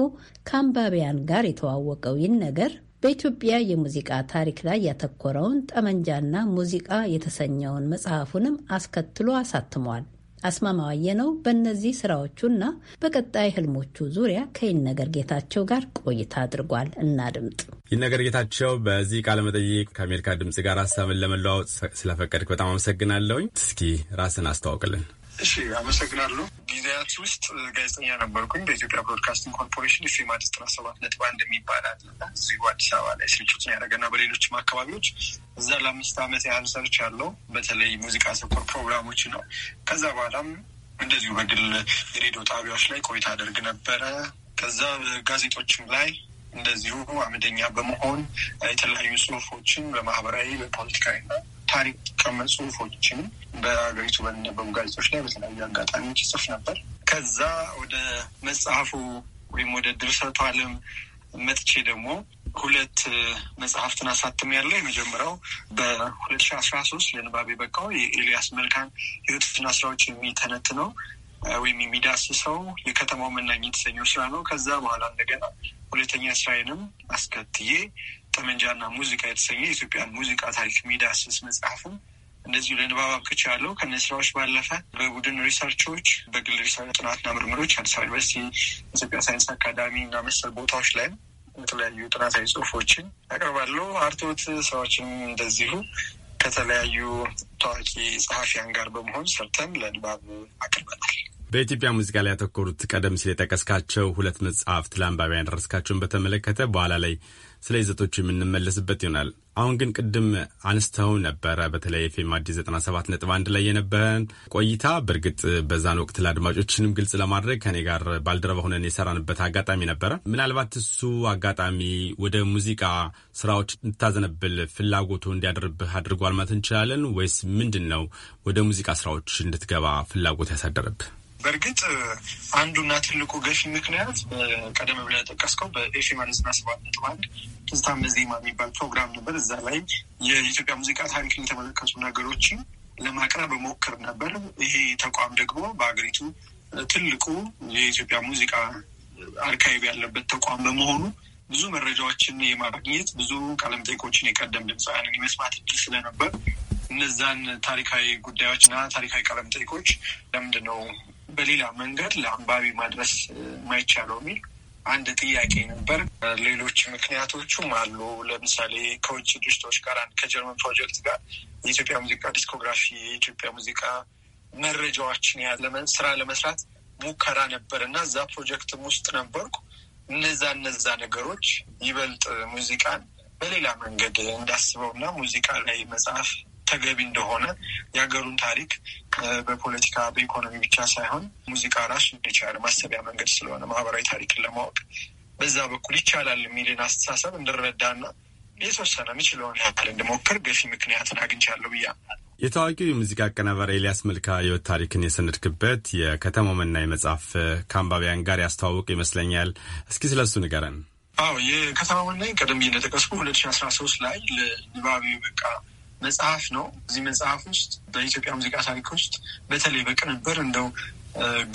ከአንባቢያን ጋር የተዋወቀው ይን ነገር በኢትዮጵያ የሙዚቃ ታሪክ ላይ ያተኮረውን ጠመንጃና ሙዚቃ የተሰኘውን መጽሐፉንም አስከትሎ አሳትሟል። አስማማዋየ ነው በእነዚህ ስራዎቹና በቀጣይ ህልሞቹ ዙሪያ ከይነገር ጌታቸው ጋር ቆይታ አድርጓል። እናድምጥ። ይነገር ጌታቸው፣ በዚህ ቃለ መጠይቅ ከአሜሪካ ድምፅ ጋር ሀሳብን ለመለዋወጥ ስለፈቀድክ በጣም አመሰግናለሁኝ። እስኪ ራስን አስተዋውቅልን። እሺ፣ አመሰግናለሁ። ጊዜያት ውስጥ ጋዜጠኛ ነበርኩኝ። በኢትዮጵያ ብሮድካስቲንግ ኮርፖሬሽን ኤፍ ኤም አዲስ ጥራት ሰባት ነጥብ አንድ የሚባል አለ እዚሁ አዲስ አበባ ላይ ስርጭቱን ያደረገና በሌሎችም አካባቢዎች እዛ ለአምስት ዓመት ያህል ሰርች ያለው በተለይ ሙዚቃ ሰኮር ፕሮግራሞች ነው። ከዛ በኋላም እንደዚሁ በግል የሬዲዮ ጣቢያዎች ላይ ቆይታ አደርግ ነበረ። ከዛ ጋዜጦችም ላይ እንደዚሁ አምደኛ በመሆን የተለያዩ ጽሁፎችን በማህበራዊ በፖለቲካዊ ታሪክ ቀመ ጽሁፎችን በሀገሪቱ በነበሩ ጋዜጦች ላይ በተለያዩ አጋጣሚዎች ይጽፍ ነበር። ከዛ ወደ መጽሐፉ ወይም ወደ ድርሰቱ ዓለም መጥቼ ደግሞ ሁለት መጽሐፍትን አሳትም ያለው የመጀመሪያው በሁለት ሺ አስራ ሶስት ለንባብ የበቃው የኤልያስ መልካን ህይወትና ስራዎች የሚተነትነው ወይም የሚዳስሰው የከተማው መናኝ የተሰኘው ስራ ነው። ከዛ በኋላ እንደገና ሁለተኛ ስራዬንም አስከትዬ ጠመንጃና ሙዚቃ የተሰኘ የኢትዮጵያን ሙዚቃ ታሪክ የሚዳስስ መጽሐፍም እንደዚሁ ለንባብ አብቅቻለሁ። ከነ ስራዎች ባለፈ በቡድን ሪሰርቾች፣ በግል ሪሰርች ጥናትና ምርምሮች አዲስ አበባ ዩኒቨርሲቲ፣ ኢትዮጵያ ሳይንስ አካዳሚ እና መሰል ቦታዎች ላይም የተለያዩ ጥናታዊ ጽሁፎችን አቀርባለሁ። አርቶት ስራዎችም እንደዚሁ ከተለያዩ ታዋቂ ጸሐፊያን ጋር በመሆን ሰርተን ለንባብ አቅርበናል። በኢትዮጵያ ሙዚቃ ላይ ያተኮሩት ቀደም ሲል የጠቀስካቸው ሁለት መጽሐፍት ለአንባቢያን ያደረስካቸውን በተመለከተ በኋላ ላይ ስለ ይዘቶቹ የምንመለስበት ይሆናል። አሁን ግን ቅድም አንስተው ነበረ። በተለይ ኤፍ አዲስ 97 ነጥብ አንድ ላይ የነበረን ቆይታ በእርግጥ በዛን ወቅት ለአድማጮችንም ግልጽ ለማድረግ ከኔ ጋር ባልደረባ ሆነን የሰራንበት አጋጣሚ ነበረ። ምናልባት እሱ አጋጣሚ ወደ ሙዚቃ ስራዎች እንድታዘነብል ፍላጎቱ እንዲያደርብህ አድርጓል ማለት እንችላለን ወይስ ምንድን ነው ወደ ሙዚቃ ስራዎች እንድትገባ ፍላጎት ያሳደረብህ? በእርግጥ አንዱና ትልቁ ገፊ ምክንያት ቀደም ብለህ ጠቀስከው በኤፍኤም ዘጠና ሰባት ነጥብ አንድ ትዝታ መዜማ የሚባል ፕሮግራም ነበር። እዛ ላይ የኢትዮጵያ ሙዚቃ ታሪክን የተመለከቱ ነገሮችን ለማቅረብ ሞክር ነበር። ይሄ ተቋም ደግሞ በሀገሪቱ ትልቁ የኢትዮጵያ ሙዚቃ አርካይቭ ያለበት ተቋም በመሆኑ ብዙ መረጃዎችን የማግኘት ብዙ ቃለመጠይቆችን የቀደም ድምፃውያንን የመስማት እድል ስለነበር እነዛን ታሪካዊ ጉዳዮች እና ታሪካዊ ቃለመጠይቆች ለምንድን ነው በሌላ መንገድ ለአንባቢ ማድረስ የማይቻለው የሚል አንድ ጥያቄ ነበር። ሌሎች ምክንያቶቹም አሉ። ለምሳሌ ከውጭ ድርጅቶች ጋር ከጀርመን ፕሮጀክት ጋር የኢትዮጵያ ሙዚቃ ዲስኮግራፊ የኢትዮጵያ ሙዚቃ መረጃዎችን ያለመን ስራ ለመስራት ሙከራ ነበር እና እዛ ፕሮጀክትም ውስጥ ነበርኩ። እነዛ እነዛ ነገሮች ይበልጥ ሙዚቃን በሌላ መንገድ እንዳስበው እና ሙዚቃ ላይ መጽሐፍ ተገቢ እንደሆነ የሀገሩን ታሪክ በፖለቲካ በኢኮኖሚ ብቻ ሳይሆን ሙዚቃ ራሱ እንደቻለ ማሰቢያ መንገድ ስለሆነ ማህበራዊ ታሪክን ለማወቅ በዛ በኩል ይቻላል የሚልን አስተሳሰብ እንድረዳና የተወሰነ ምችለውን ያህል እንድሞክር ገፊ ምክንያትን አግኝቻለሁ ብያ የታዋቂው የሙዚቃ አቀናባሪ ኤልያስ መልካ ህይወት ታሪክን የሰነድክበት የከተማው መናኝ መጽሐፍ ከአንባቢያን ጋር ያስተዋውቅ ይመስለኛል። እስኪ ስለ እሱ ንገረን። አዎ የከተማው መናኝ ቀደም ብዬ እንደጠቀስኩ ሁለት ሺ አስራ ሶስት ላይ ለንባብ በቃ መጽሐፍ ነው። እዚህ መጽሐፍ ውስጥ በኢትዮጵያ ሙዚቃ ታሪክ ውስጥ በተለይ በቅንብር እንደው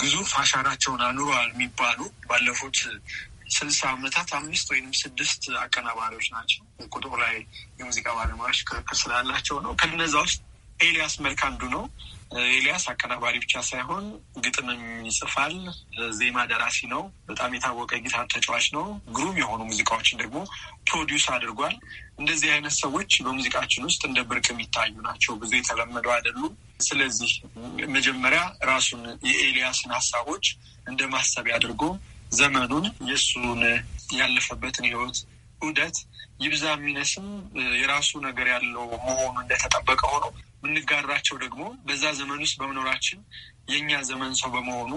ግዙፍ አሻራቸውን አኑረዋል የሚባሉ ባለፉት ስልሳ ዓመታት አምስት ወይም ስድስት አቀናባሪዎች ናቸው። ቁጥሩ ላይ የሙዚቃ ባለሙያዎች ክርክር ስላላቸው ነው። ከነዛ ውስጥ ኤልያስ መልክ አንዱ ነው። ኤልያስ አቀናባሪ ብቻ ሳይሆን ግጥምም ይጽፋል። ዜማ ደራሲ ነው። በጣም የታወቀ ጊታር ተጫዋች ነው። ግሩም የሆኑ ሙዚቃዎችን ደግሞ ፕሮዲውስ አድርጓል። እንደዚህ አይነት ሰዎች በሙዚቃችን ውስጥ እንደ ብርቅ የሚታዩ ናቸው። ብዙ የተለመዱ አይደሉም። ስለዚህ መጀመሪያ ራሱን የኤልያስን ሀሳቦች እንደ ማሰብ አድርጎ ዘመኑን የእሱን ያለፈበትን ህይወት ውደት ይብዛ የሚነስም የራሱ ነገር ያለው መሆኑ እንደተጠበቀ ሆኖ የምንጋራቸው ደግሞ በዛ ዘመን ውስጥ በመኖራችን የእኛ ዘመን ሰው በመሆኑ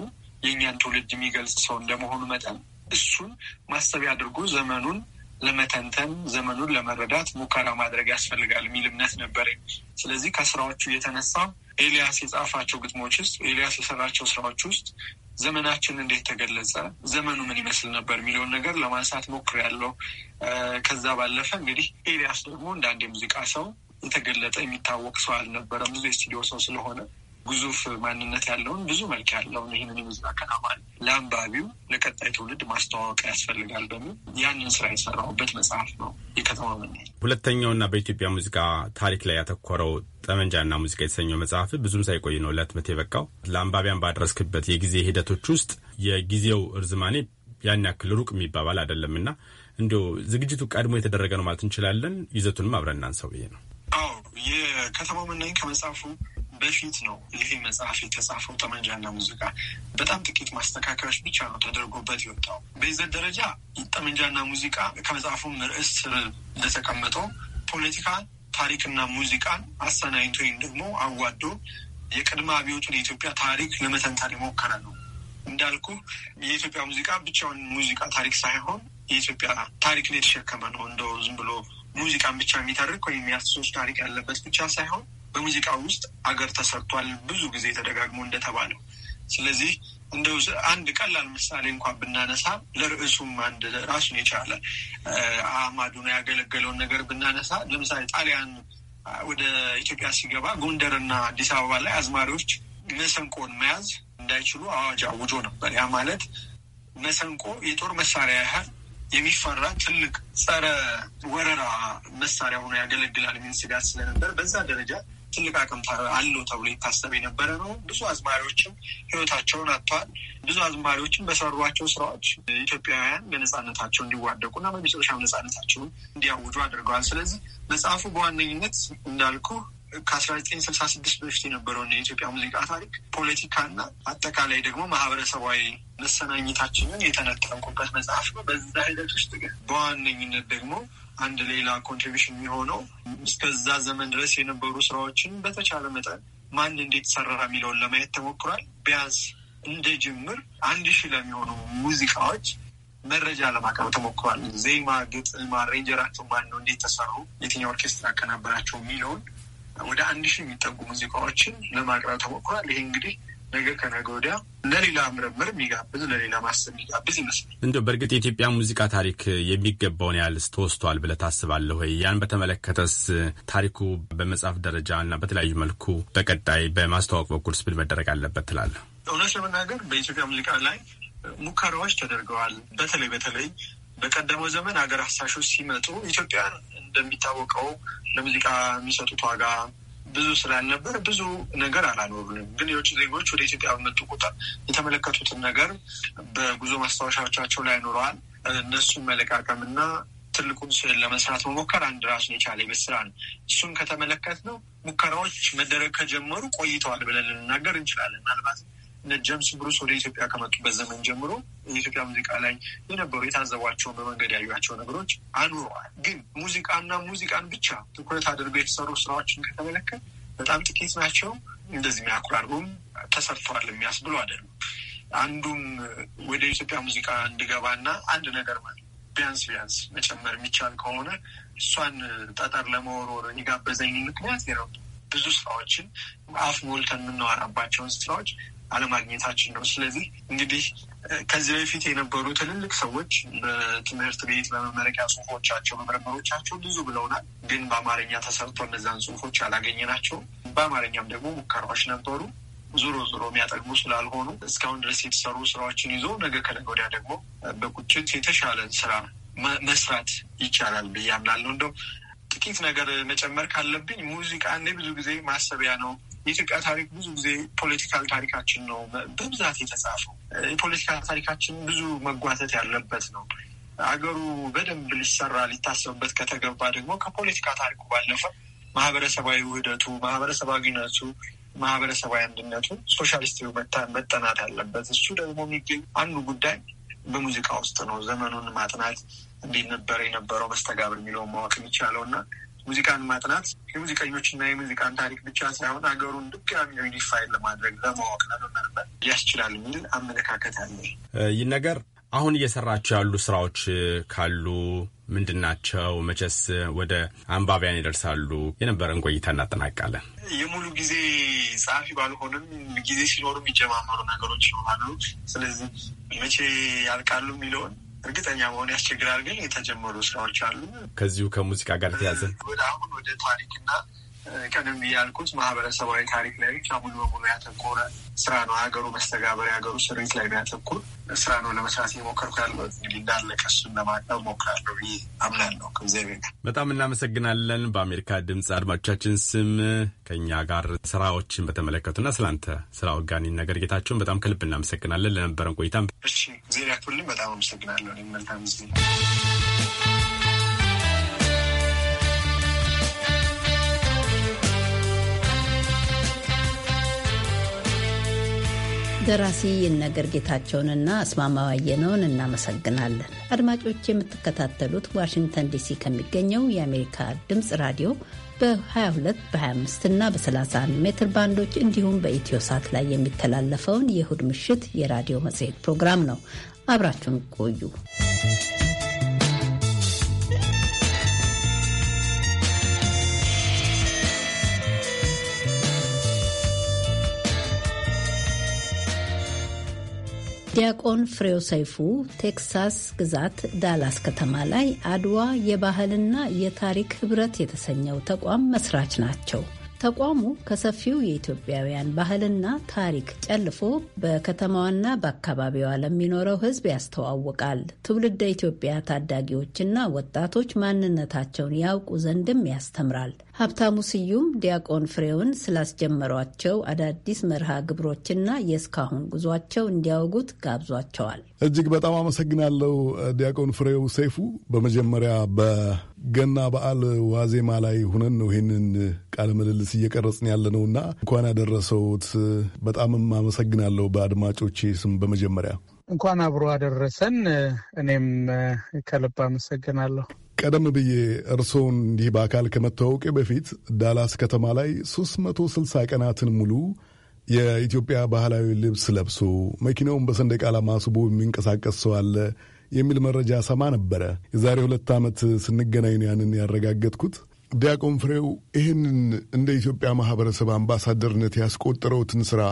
የእኛን ትውልድ የሚገልጽ ሰው እንደመሆኑ መጠን እሱን ማሰብ ያድርጉ ዘመኑን ለመተንተን ዘመኑን ለመረዳት ሙከራ ማድረግ ያስፈልጋል የሚል እምነት ነበረኝ። ስለዚህ ከስራዎቹ የተነሳ ኤልያስ የጻፋቸው ግጥሞች ውስጥ ኤልያስ የሰራቸው ስራዎች ውስጥ ዘመናችን እንዴት ተገለጸ፣ ዘመኑ ምን ይመስል ነበር የሚለውን ነገር ለማንሳት ሞክሬያለሁ። ከዛ ባለፈ እንግዲህ ኤልያስ ደግሞ እንደ አንድ የሙዚቃ ሰው የተገለጠ የሚታወቅ ሰው አልነበረም። ብዙ የስቱዲዮ ሰው ስለሆነ ግዙፍ ማንነት ያለውን ብዙ መልክ ያለውን ይህንን የሙዚቃ ከናማል ለአንባቢው ለቀጣይ ትውልድ ማስተዋወቅ ያስፈልጋል በሚል ያንን ስራ የሰራሁበት መጽሐፍ ነው የከተማ መናኝ። ሁለተኛውና በኢትዮጵያ ሙዚቃ ታሪክ ላይ ያተኮረው ጠመንጃና ሙዚቃ የተሰኘው መጽሐፍ ብዙም ሳይቆይ ነው ለህትመት የበቃው። ለአንባቢያን ባደረስክበት የጊዜ ሂደቶች ውስጥ የጊዜው እርዝማኔ ያን ያክል ሩቅ የሚባባል አይደለምና እንዲሁ ዝግጅቱ ቀድሞ የተደረገ ነው ማለት እንችላለን። ይዘቱንም አብረናን ሰው ብዬ ነው። የከተማው መናኝ ከመጽሐፉ በፊት ነው ይሄ መጽሐፍ የተጻፈው። ጠመንጃና ሙዚቃ በጣም ጥቂት ማስተካከያዎች ብቻ ነው ተደርጎበት የወጣው። በይዘት ደረጃ ጠመንጃና ሙዚቃ ከመጽሐፉም ርዕስ እንደተቀመጠው ፖለቲካ፣ ታሪክና ሙዚቃን አሰናይቶ ወይም ደግሞ አዋዶ የቅድመ አብዮቱን የኢትዮጵያ ታሪክ ለመተንተን የሞከረ ነው። እንዳልኩ የኢትዮጵያ ሙዚቃ ብቻውን ሙዚቃ ታሪክ ሳይሆን የኢትዮጵያ ታሪክን የተሸከመ ነው። እንደው ዝም ብሎ ሙዚቃን ብቻ የሚተርክ ወይም የሚያስሶች ታሪክ ያለበት ብቻ ሳይሆን በሙዚቃ ውስጥ አገር ተሰርቷል ብዙ ጊዜ ተደጋግሞ እንደተባለው። ስለዚህ እንደው አንድ ቀላል ምሳሌ እንኳን ብናነሳ ለርዕሱም አንድ ራሱን የቻለ አህማዱን ያገለገለውን ነገር ብናነሳ ለምሳሌ ጣሊያን ወደ ኢትዮጵያ ሲገባ ጎንደርና አዲስ አበባ ላይ አዝማሪዎች መሰንቆን መያዝ እንዳይችሉ አዋጅ አውጆ ነበር። ያ ማለት መሰንቆ የጦር መሳሪያ ያህል የሚፈራ ትልቅ ጸረ ወረራ መሳሪያ ሆኖ ያገለግላል የሚል ስጋት ስለነበር በዛ ደረጃ ትልቅ አቅም አለው ተብሎ ይታሰብ የነበረ ነው። ብዙ አዝማሪዎችም ህይወታቸውን አጥተዋል። ብዙ አዝማሪዎችም በሰሯቸው ስራዎች ኢትዮጵያውያን በነጻነታቸው እንዲዋደቁ እና በመጨረሻ ነጻነታቸውን እንዲያውጁ አድርገዋል። ስለዚህ መጽሐፉ በዋነኝነት እንዳልኩ ከ1966 ስልሳ ስድስት በፊት የነበረውን የኢትዮጵያ ሙዚቃ ታሪክ ፖለቲካና አጠቃላይ ደግሞ ማህበረሰባዊ መሰናኝታችንን የተነጠንኩበት መጽሐፍ ነው። በዛ ሂደት ውስጥ ግን በዋነኝነት ደግሞ አንድ ሌላ ኮንትሪቢሽን የሚሆነው እስከዛ ዘመን ድረስ የነበሩ ስራዎችን በተቻለ መጠን ማን እንዴት ሰራ የሚለውን ለማየት ተሞክሯል። ቢያንስ እንደ ጅምር አንድ ሺህ ለሚሆኑ ሙዚቃዎች መረጃ ለማቅረብ ተሞክሯል። ዜማ፣ ግጥም፣ አሬንጀራቸው ማን ነው፣ እንዴት ተሰሩ፣ የትኛው ኦርኬስትራ ያቀናበራቸው የሚለውን ወደ አንድ ሺህ የሚጠጉ ሙዚቃዎችን ለማቅረብ ተሞክሯል። ይሄ እንግዲህ ነገ ከነገ ወዲያ ለሌላ ምርምር የሚጋብዝ ለሌላ ማሰብ የሚጋብዝ ይመስላል። እንዲሁ በእርግጥ የኢትዮጵያ ሙዚቃ ታሪክ የሚገባውን ያህል ተወስቷል ብለህ ታስባለህ ወይ? ያን በተመለከተስ ታሪኩ በመጽሐፍ ደረጃ እና በተለያዩ መልኩ በቀጣይ በማስተዋወቅ በኩል ስብል መደረግ አለበት ትላለህ? እውነት ለመናገር በኢትዮጵያ ሙዚቃ ላይ ሙከራዎች ተደርገዋል። በተለይ በተለይ በቀደመው ዘመን ሀገር አሳሾች ሲመጡ ኢትዮጵያን እንደሚታወቀው ለሙዚቃ የሚሰጡት ዋጋ ብዙ ስላልነበር ብዙ ነገር አላኖሩንም። ግን የውጭ ዜጎች ወደ ኢትዮጵያ በመጡ ቁጥር የተመለከቱትን ነገር በጉዞ ማስታወሻዎቻቸው ላይ ኑረዋል። እነሱን መለቃቀምና ትልቁን ስዕል ለመስራት መሞከር አንድ ራሱን የቻለ የቤት ስራ ነው። እሱን ከተመለከት ነው ሙከራዎች መደረግ ከጀመሩ ቆይተዋል ብለን ልንናገር እንችላለን። ምናልባት እነ ጀምስ ብሩስ ወደ ኢትዮጵያ ከመጡበት ዘመን ጀምሮ የኢትዮጵያ ሙዚቃ ላይ የነበሩ የታዘቧቸውን በመንገድ ያዩቸው ነገሮች አኑረዋል። ግን ሙዚቃና ሙዚቃን ብቻ ትኩረት አድርገው የተሰሩ ስራዎችን ከተመለከት በጣም ጥቂት ናቸው። እንደዚህ የሚያኩራ አልበም ተሰርተዋል የሚያስብሉ አይደሉም። አንዱም ወደ ኢትዮጵያ ሙዚቃ እንድገባና አንድ ነገር ማለት ቢያንስ ቢያንስ መጨመር የሚቻል ከሆነ እሷን ጠጠር ለመወርወር የጋበዘኝ ምክንያት ነው። ብዙ ስራዎችን አፍ ሞልተን የምናወራባቸውን ስራዎች አለማግኘታችን ነው። ስለዚህ እንግዲህ ከዚህ በፊት የነበሩ ትልልቅ ሰዎች በትምህርት ቤት በመመረቂያ ጽሁፎቻቸው፣ በምርምሮቻቸው ብዙ ብለውናል። ግን በአማርኛ ተሰርቶ እነዛን ጽሁፎች ናቸው። በአማርኛም ደግሞ ሙከራዎች ነበሩ። ዙሮ ዞሮ የሚያጠግሙ ስላልሆኑ እስካሁን ድረስ የተሰሩ ስራዎችን ይዞ ነገ ከነገ ወዲያ ደግሞ በቁጭት የተሻለ ስራ መስራት ይቻላል ብዬ አምናለሁ። እንደው ጥቂት ነገር መጨመር ካለብኝ ሙዚቃ እኔ ብዙ ጊዜ ማሰቢያ ነው የኢትዮጵያ ታሪክ ብዙ ጊዜ ፖለቲካል ታሪካችን ነው በብዛት የተጻፈው። የፖለቲካ ታሪካችን ብዙ መጓተት ያለበት ነው። አገሩ በደንብ ሊሰራ ሊታሰብበት ከተገባ ደግሞ ከፖለቲካ ታሪኩ ባለፈ ማህበረሰባዊ ውህደቱ፣ ማህበረሰባዊነቱ፣ ማህበረሰባዊ አንድነቱ፣ ሶሻሊስት መጠናት ያለበት እሱ ደግሞ የሚገኝ አንዱ ጉዳይ በሙዚቃ ውስጥ ነው። ዘመኑን ማጥናት እንዴት ነበረ የነበረው መስተጋብር የሚለውን ማወቅ የሚቻለው እና ሙዚቃን ማጥናት የሙዚቀኞችና የሙዚቃን ታሪክ ብቻ ሳይሆን ሀገሩን ድጋሚ ዩኒፋይ ለማድረግ ለማወቅ፣ ለመመርመር ያስችላል የሚል አመለካከት አለ። ይህ ነገር አሁን እየሰራቸው ያሉ ስራዎች ካሉ ምንድን ናቸው? መቼስ ወደ አንባቢያን ይደርሳሉ? የነበረን ቆይታ እናጠናቃለን። የሙሉ ጊዜ ጸሐፊ ባልሆንም ጊዜ ሲኖሩ የሚጀማመሩ ነገሮች ይኖራሉ። ስለዚህ መቼ ያልቃሉ የሚለውን እርግጠኛ መሆን ያስቸግራል፣ ግን የተጀመሩ ስራዎች አሉ። ከዚሁ ከሙዚቃ ጋር ተያዘ ወደ አሁን ወደ ታሪክና ቀደም ያልኩት ማህበረሰባዊ ታሪክ ላይ ብቻ ሙሉ በሙሉ ያተኮረ ስራ ነው። ሀገሩ መስተጋበር፣ የሀገሩ ስሪት ላይ የሚያተኩር ስራ ነው ለመስራት የሞከርኩ ያለው እንግዲህ እንዳለ ቀሱን ለማቅረብ ሞክራለሁ ብዬ አምናለሁ። እግዚአብሔር በጣም እናመሰግናለን። በአሜሪካ ድምፅ አድማጮቻችን ስም ከእኛ ጋር ስራዎችን በተመለከቱና ስላንተ ስራ ወጋኒ ነገር ጌታቸውን በጣም ከልብ እናመሰግናለን ለነበረን ቆይታ። እሺ ዜሪያቱልን በጣም አመሰግናለሁ። መልካም ጊዜ ደራሲ የነገር ጌታቸውንና አስማማ ዋየነውን እናመሰግናለን። አድማጮች የምትከታተሉት ዋሽንግተን ዲሲ ከሚገኘው የአሜሪካ ድምፅ ራዲዮ በ22 በ25 እና በ31 ሜትር ባንዶች እንዲሁም በኢትዮ ሳት ላይ የሚተላለፈውን የእሁድ ምሽት የራዲዮ መጽሔት ፕሮግራም ነው። አብራችሁን ቆዩ። ዲያቆን ፍሬው ሰይፉ ቴክሳስ ግዛት ዳላስ ከተማ ላይ አድዋ የባህልና የታሪክ ህብረት የተሰኘው ተቋም መስራች ናቸው። ተቋሙ ከሰፊው የኢትዮጵያውያን ባህልና ታሪክ ጨልፎ በከተማዋና በአካባቢዋ ለሚኖረው ህዝብ ያስተዋውቃል። ትውልደ ኢትዮጵያ ታዳጊዎችና ወጣቶች ማንነታቸውን ያውቁ ዘንድም ያስተምራል። ሀብታሙ ስዩም ዲያቆን ፍሬውን ስላስጀመሯቸው አዳዲስ መርሃ ግብሮችና የእስካሁን ጉዟቸው እንዲያወጉት ጋብዟቸዋል። እጅግ በጣም አመሰግናለሁ ዲያቆን ፍሬው ሰይፉ። በመጀመሪያ በገና በዓል ዋዜማ ላይ ሁነን ነው ይህንን ቃለ ምልልስ እየቀረጽን ያለ ነውና እንኳን ያደረሰውት በጣምም አመሰግናለሁ በአድማጮቼ ስም በመጀመሪያ እንኳን አብሮ አደረሰን። እኔም ከልብ አመሰግናለሁ። ቀደም ብዬ እርስዎን እንዲህ በአካል ከመተዋወቄ በፊት ዳላስ ከተማ ላይ 360 ቀናትን ሙሉ የኢትዮጵያ ባህላዊ ልብስ ለብሶ መኪናውን በሰንደቅ ዓላማ ስቦ የሚንቀሳቀስ ሰው አለ የሚል መረጃ ሰማ ነበረ። የዛሬ ሁለት ዓመት ስንገናኝ ያንን ያረጋገጥኩት። ዲያቆን ፍሬው ይህንን እንደ ኢትዮጵያ ማህበረሰብ አምባሳደርነት ያስቆጠረውትን ስራ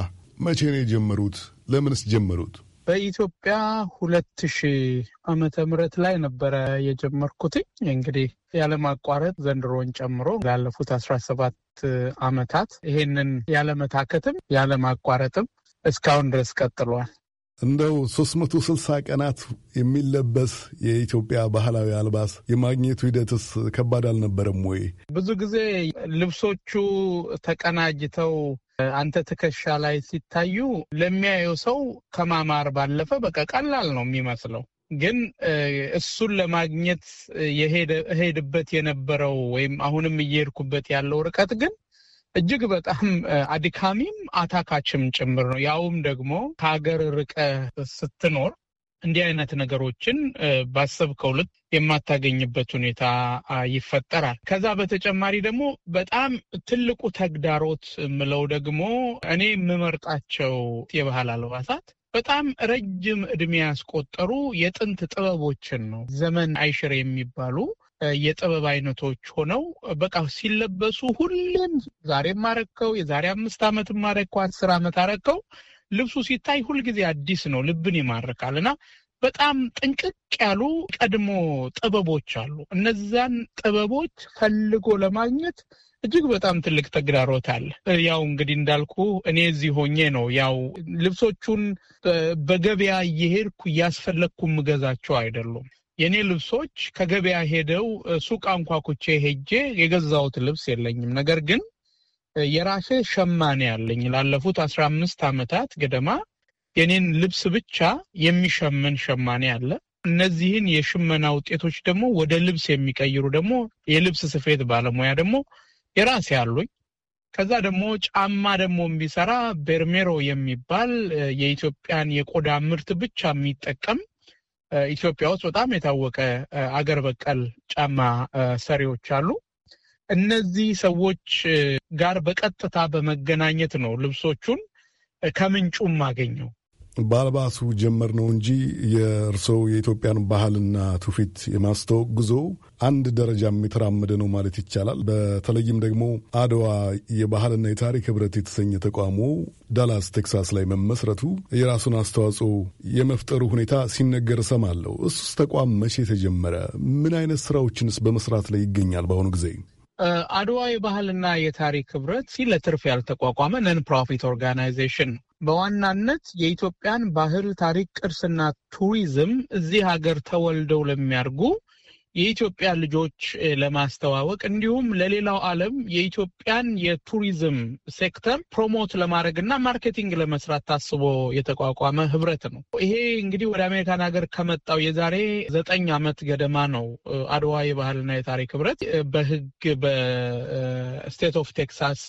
መቼ ነው የጀመሩት? ለምንስ ጀመሩት? በኢትዮጵያ ሁለት ሺህ ዓመተ ምህረት ላይ ነበረ የጀመርኩትኝ እንግዲህ ያለማቋረጥ ዘንድሮን ጨምሮ ላለፉት አስራ ሰባት ዓመታት ይሄንን ያለመታከትም ያለማቋረጥም እስካሁን ድረስ ቀጥሏል። እንደው ሶስት መቶ ስልሳ ቀናት የሚለበስ የኢትዮጵያ ባህላዊ አልባስ የማግኘቱ ሂደትስ ከባድ አልነበረም ወይ? ብዙ ጊዜ ልብሶቹ ተቀናጅተው አንተ ትከሻ ላይ ሲታዩ ለሚያየው ሰው ከማማር ባለፈ በቃ ቀላል ነው የሚመስለው። ግን እሱን ለማግኘት የሄድበት የነበረው ወይም አሁንም እየሄድኩበት ያለው ርቀት ግን እጅግ በጣም አድካሚም አታካችም ጭምር ነው። ያውም ደግሞ ከሀገር ርቀ ስትኖር እንዲህ አይነት ነገሮችን ባሰብከው ልክ የማታገኝበት ሁኔታ ይፈጠራል። ከዛ በተጨማሪ ደግሞ በጣም ትልቁ ተግዳሮት ምለው ደግሞ እኔ የምመርጣቸው የባህል አልባሳት በጣም ረጅም እድሜ ያስቆጠሩ የጥንት ጥበቦችን ነው። ዘመን አይሽር የሚባሉ የጥበብ አይነቶች ሆነው በቃ ሲለበሱ ሁሌም ዛሬ ማረከው የዛሬ አምስት ዓመት ማረከው አስር ዓመት አረከው ልብሱ ሲታይ ሁልጊዜ አዲስ ነው፣ ልብን ይማርካል እና በጣም ጥንቅቅ ያሉ ቀድሞ ጥበቦች አሉ። እነዚያን ጥበቦች ፈልጎ ለማግኘት እጅግ በጣም ትልቅ ተግዳሮት አለ። ያው እንግዲህ እንዳልኩ እኔ እዚህ ሆኜ ነው ያው ልብሶቹን በገበያ እየሄድኩ እያስፈለግኩ የምገዛቸው አይደሉም። የእኔ ልብሶች ከገበያ ሄደው ሱቅ አንኳኩቼ ሄጄ የገዛሁት ልብስ የለኝም። ነገር ግን የራሴ ሸማኔ ያለኝ ላለፉት አስራ አምስት ዓመታት ገደማ የኔን ልብስ ብቻ የሚሸምን ሸማኔ አለ። እነዚህን የሽመና ውጤቶች ደግሞ ወደ ልብስ የሚቀይሩ ደግሞ የልብስ ስፌት ባለሙያ ደግሞ የራሴ አሉኝ። ከዛ ደግሞ ጫማ ደግሞ የሚሰራ ቤርሜሮ የሚባል የኢትዮጵያን የቆዳ ምርት ብቻ የሚጠቀም ኢትዮጵያ ውስጥ በጣም የታወቀ አገር በቀል ጫማ ሰሪዎች አሉ። እነዚህ ሰዎች ጋር በቀጥታ በመገናኘት ነው ልብሶቹን ከምንጩም ማገኘው። በአልባሱ ጀመር ነው እንጂ የእርስዎ የኢትዮጵያን ባህልና ትውፊት የማስተዋወቅ ጉዞ አንድ ደረጃም የተራመደ ነው ማለት ይቻላል። በተለይም ደግሞ አድዋ የባህልና የታሪክ ህብረት የተሰኘ ተቋሙ ዳላስ ቴክሳስ ላይ መመስረቱ የራሱን አስተዋጽኦ የመፍጠሩ ሁኔታ ሲነገር እሰማለሁ። እሱስ ተቋም መቼ ተጀመረ? ምን አይነት ስራዎችንስ በመስራት ላይ ይገኛል በአሁኑ ጊዜ? አድዋ የባህልና የታሪክ ህብረት ለትርፍ ያልተቋቋመ ነን ፕሮፊት ኦርጋናይዜሽን በዋናነት የኢትዮጵያን ባህል፣ ታሪክ፣ ቅርስና ቱሪዝም እዚህ ሀገር ተወልደው ለሚያድጉ የኢትዮጵያ ልጆች ለማስተዋወቅ እንዲሁም ለሌላው ዓለም የኢትዮጵያን የቱሪዝም ሴክተር ፕሮሞት ለማድረግ እና ማርኬቲንግ ለመስራት ታስቦ የተቋቋመ ህብረት ነው። ይሄ እንግዲህ ወደ አሜሪካን ሀገር ከመጣው የዛሬ ዘጠኝ ዓመት ገደማ ነው። አድዋ የባህልና የታሪክ ህብረት በህግ በስቴት ኦፍ ቴክሳስ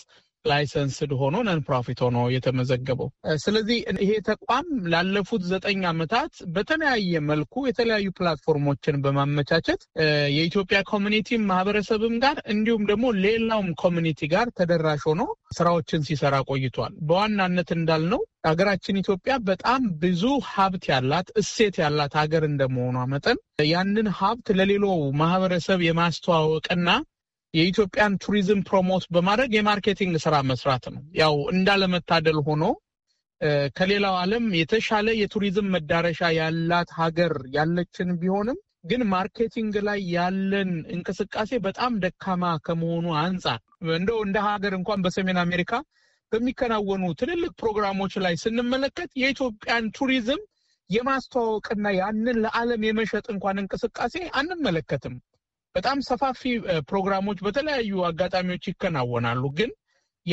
ላይሰንስድ ሆኖ ነን ፕሮፊት ሆኖ የተመዘገበው። ስለዚህ ይሄ ተቋም ላለፉት ዘጠኝ ዓመታት በተለያየ መልኩ የተለያዩ ፕላትፎርሞችን በማመቻቸት የኢትዮጵያ ኮሚኒቲ ማህበረሰብም ጋር እንዲሁም ደግሞ ሌላውም ኮሚኒቲ ጋር ተደራሽ ሆኖ ስራዎችን ሲሰራ ቆይቷል። በዋናነት እንዳልነው ሀገራችን ኢትዮጵያ በጣም ብዙ ሀብት ያላት እሴት ያላት ሀገር እንደመሆኗ መጠን ያንን ሀብት ለሌሎ ማህበረሰብ የማስተዋወቅና የኢትዮጵያን ቱሪዝም ፕሮሞት በማድረግ የማርኬቲንግ ስራ መስራት ነው። ያው እንዳለመታደል ሆኖ ከሌላው ዓለም የተሻለ የቱሪዝም መዳረሻ ያላት ሀገር ያለችን ቢሆንም ግን ማርኬቲንግ ላይ ያለን እንቅስቃሴ በጣም ደካማ ከመሆኑ አንጻር እንደው እንደ ሀገር እንኳን በሰሜን አሜሪካ በሚከናወኑ ትልልቅ ፕሮግራሞች ላይ ስንመለከት የኢትዮጵያን ቱሪዝም የማስተዋወቅና ያንን ለዓለም የመሸጥ እንኳን እንቅስቃሴ አንመለከትም። በጣም ሰፋፊ ፕሮግራሞች በተለያዩ አጋጣሚዎች ይከናወናሉ። ግን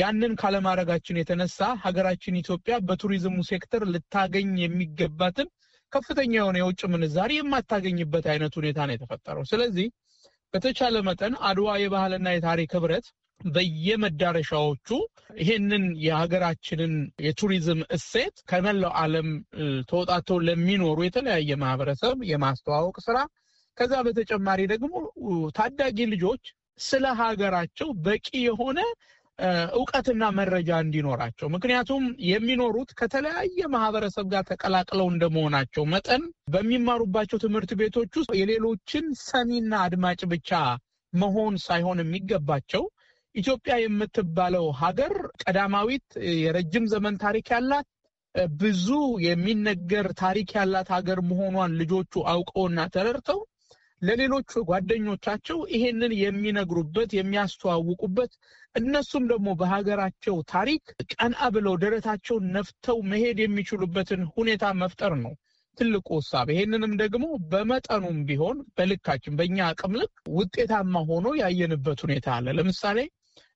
ያንን ካለማድረጋችን የተነሳ ሀገራችን ኢትዮጵያ በቱሪዝሙ ሴክተር ልታገኝ የሚገባትን ከፍተኛ የሆነ የውጭ ምንዛሪ የማታገኝበት አይነት ሁኔታ ነው የተፈጠረው። ስለዚህ በተቻለ መጠን አድዋ የባህልና የታሪክ ህብረት በየመዳረሻዎቹ ይህንን የሀገራችንን የቱሪዝም እሴት ከመላው ዓለም ተወጣተው ለሚኖሩ የተለያየ ማህበረሰብ የማስተዋወቅ ስራ ከዛ በተጨማሪ ደግሞ ታዳጊ ልጆች ስለ ሀገራቸው በቂ የሆነ እውቀትና መረጃ እንዲኖራቸው ምክንያቱም የሚኖሩት ከተለያየ ማህበረሰብ ጋር ተቀላቅለው እንደመሆናቸው መጠን በሚማሩባቸው ትምህርት ቤቶች ውስጥ የሌሎችን ሰሚና አድማጭ ብቻ መሆን ሳይሆን የሚገባቸው ኢትዮጵያ የምትባለው ሀገር ቀዳማዊት የረጅም ዘመን ታሪክ ያላት ብዙ የሚነገር ታሪክ ያላት ሀገር መሆኗን ልጆቹ አውቀውና ተረድተው ለሌሎቹ ጓደኞቻቸው ይሄንን የሚነግሩበት የሚያስተዋውቁበት እነሱም ደግሞ በሀገራቸው ታሪክ ቀና ብለው ደረታቸውን ነፍተው መሄድ የሚችሉበትን ሁኔታ መፍጠር ነው ትልቁ ውሳቤ። ይሄንንም ደግሞ በመጠኑም ቢሆን በልካችን በእኛ አቅም ልክ ውጤታማ ሆኖ ያየንበት ሁኔታ አለ። ለምሳሌ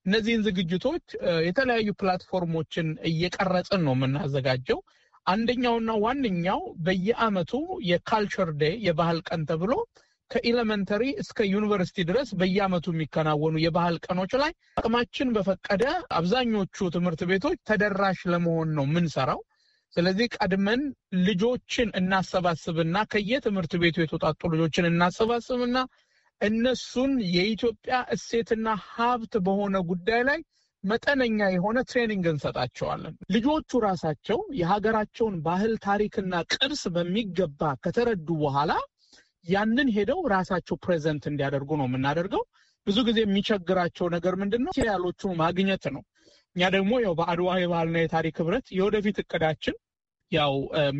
እነዚህን ዝግጅቶች የተለያዩ ፕላትፎርሞችን እየቀረጽን ነው የምናዘጋጀው። አንደኛውና ዋነኛው በየዓመቱ የካልቸር ዴይ የባህል ቀን ተብሎ ከኢለመንተሪ እስከ ዩኒቨርሲቲ ድረስ በየአመቱ የሚከናወኑ የባህል ቀኖች ላይ አቅማችን በፈቀደ አብዛኞቹ ትምህርት ቤቶች ተደራሽ ለመሆን ነው የምንሰራው። ስለዚህ ቀድመን ልጆችን እናሰባስብና ከየትምህርት ቤቱ የተውጣጡ ልጆችን እናሰባስብና እነሱን የኢትዮጵያ እሴትና ሀብት በሆነ ጉዳይ ላይ መጠነኛ የሆነ ትሬኒንግ እንሰጣቸዋለን። ልጆቹ ራሳቸው የሀገራቸውን ባህል ታሪክና ቅርስ በሚገባ ከተረዱ በኋላ ያንን ሄደው ራሳቸው ፕሬዘንት እንዲያደርጉ ነው የምናደርገው። ብዙ ጊዜ የሚቸግራቸው ነገር ምንድን ነው? ሲሪያሎቹ ማግኘት ነው። እኛ ደግሞ ያው በአድዋ የባህልና የታሪክ ህብረት የወደፊት እቅዳችን ያው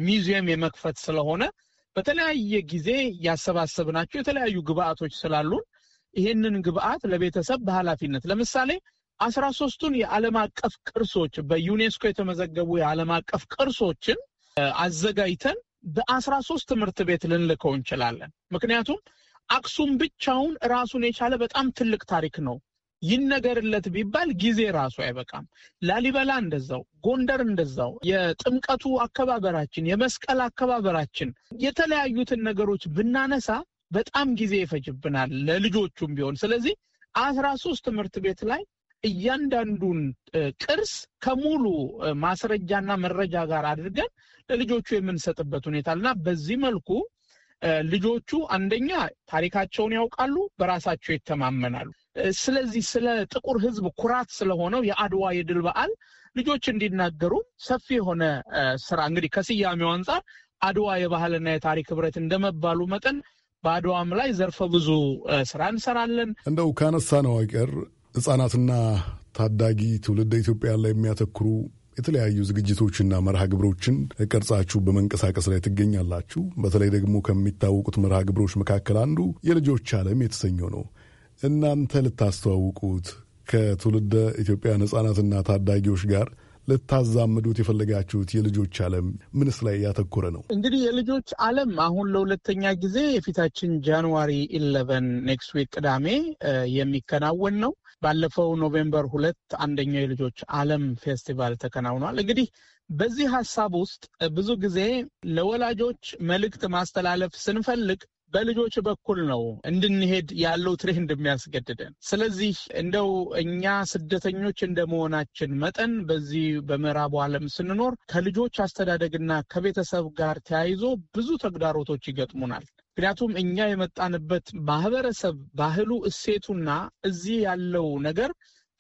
ሚዚየም የመክፈት ስለሆነ በተለያየ ጊዜ ያሰባሰብናቸው የተለያዩ ግብአቶች ስላሉን ይሄንን ግብአት ለቤተሰብ በኃላፊነት ለምሳሌ አስራ ሶስቱን የዓለም አቀፍ ቅርሶች በዩኔስኮ የተመዘገቡ የዓለም አቀፍ ቅርሶችን አዘጋጅተን በአስራ ሶስት ትምህርት ቤት ልንልከው እንችላለን። ምክንያቱም አክሱም ብቻውን ራሱን የቻለ በጣም ትልቅ ታሪክ ነው። ይነገርለት ቢባል ጊዜ ራሱ አይበቃም። ላሊበላ እንደዛው፣ ጎንደር እንደዛው። የጥምቀቱ አከባበራችን፣ የመስቀል አከባበራችን የተለያዩትን ነገሮች ብናነሳ በጣም ጊዜ ይፈጅብናል ለልጆቹም ቢሆን። ስለዚህ አስራ ሶስት ትምህርት ቤት ላይ እያንዳንዱን ቅርስ ከሙሉ ማስረጃና መረጃ ጋር አድርገን ለልጆቹ የምንሰጥበት ሁኔታ እና በዚህ መልኩ ልጆቹ አንደኛ ታሪካቸውን ያውቃሉ፣ በራሳቸው ይተማመናሉ። ስለዚህ ስለ ጥቁር ሕዝብ ኩራት ስለሆነው የአድዋ የድል በዓል ልጆች እንዲናገሩ ሰፊ የሆነ ስራ እንግዲህ ከስያሜው አንጻር አድዋ የባህልና የታሪክ ህብረት እንደመባሉ መጠን በአድዋም ላይ ዘርፈ ብዙ ስራ እንሰራለን። እንደው ካነሳ ነው አይቀር ህጻናትና ታዳጊ ትውልደ ኢትዮጵያን ላይ የሚያተኩሩ የተለያዩ ዝግጅቶችና መርሃ ግብሮችን ቀርጻችሁ በመንቀሳቀስ ላይ ትገኛላችሁ። በተለይ ደግሞ ከሚታወቁት መርሃ ግብሮች መካከል አንዱ የልጆች ዓለም የተሰኘው ነው። እናንተ ልታስተዋውቁት ከትውልደ ኢትዮጵያን ህጻናትና ታዳጊዎች ጋር ልታዛምዱት የፈለጋችሁት የልጆች ዓለም ምንስ ላይ ያተኮረ ነው? እንግዲህ የልጆች ዓለም አሁን ለሁለተኛ ጊዜ የፊታችን ጃንዋሪ ኢለቨን ኔክስት ዊክ ቅዳሜ የሚከናወን ነው። ባለፈው ኖቬምበር ሁለት አንደኛው የልጆች ዓለም ፌስቲቫል ተከናውኗል። እንግዲህ በዚህ ሀሳብ ውስጥ ብዙ ጊዜ ለወላጆች መልእክት ማስተላለፍ ስንፈልግ በልጆች በኩል ነው እንድንሄድ ያለው ትሬንድ የሚያስገድደን። ስለዚህ እንደው እኛ ስደተኞች እንደመሆናችን መጠን በዚህ በምዕራቡ ዓለም ስንኖር ከልጆች አስተዳደግና ከቤተሰብ ጋር ተያይዞ ብዙ ተግዳሮቶች ይገጥሙናል። ምክንያቱም እኛ የመጣንበት ማህበረሰብ ባህሉ፣ እሴቱና እዚህ ያለው ነገር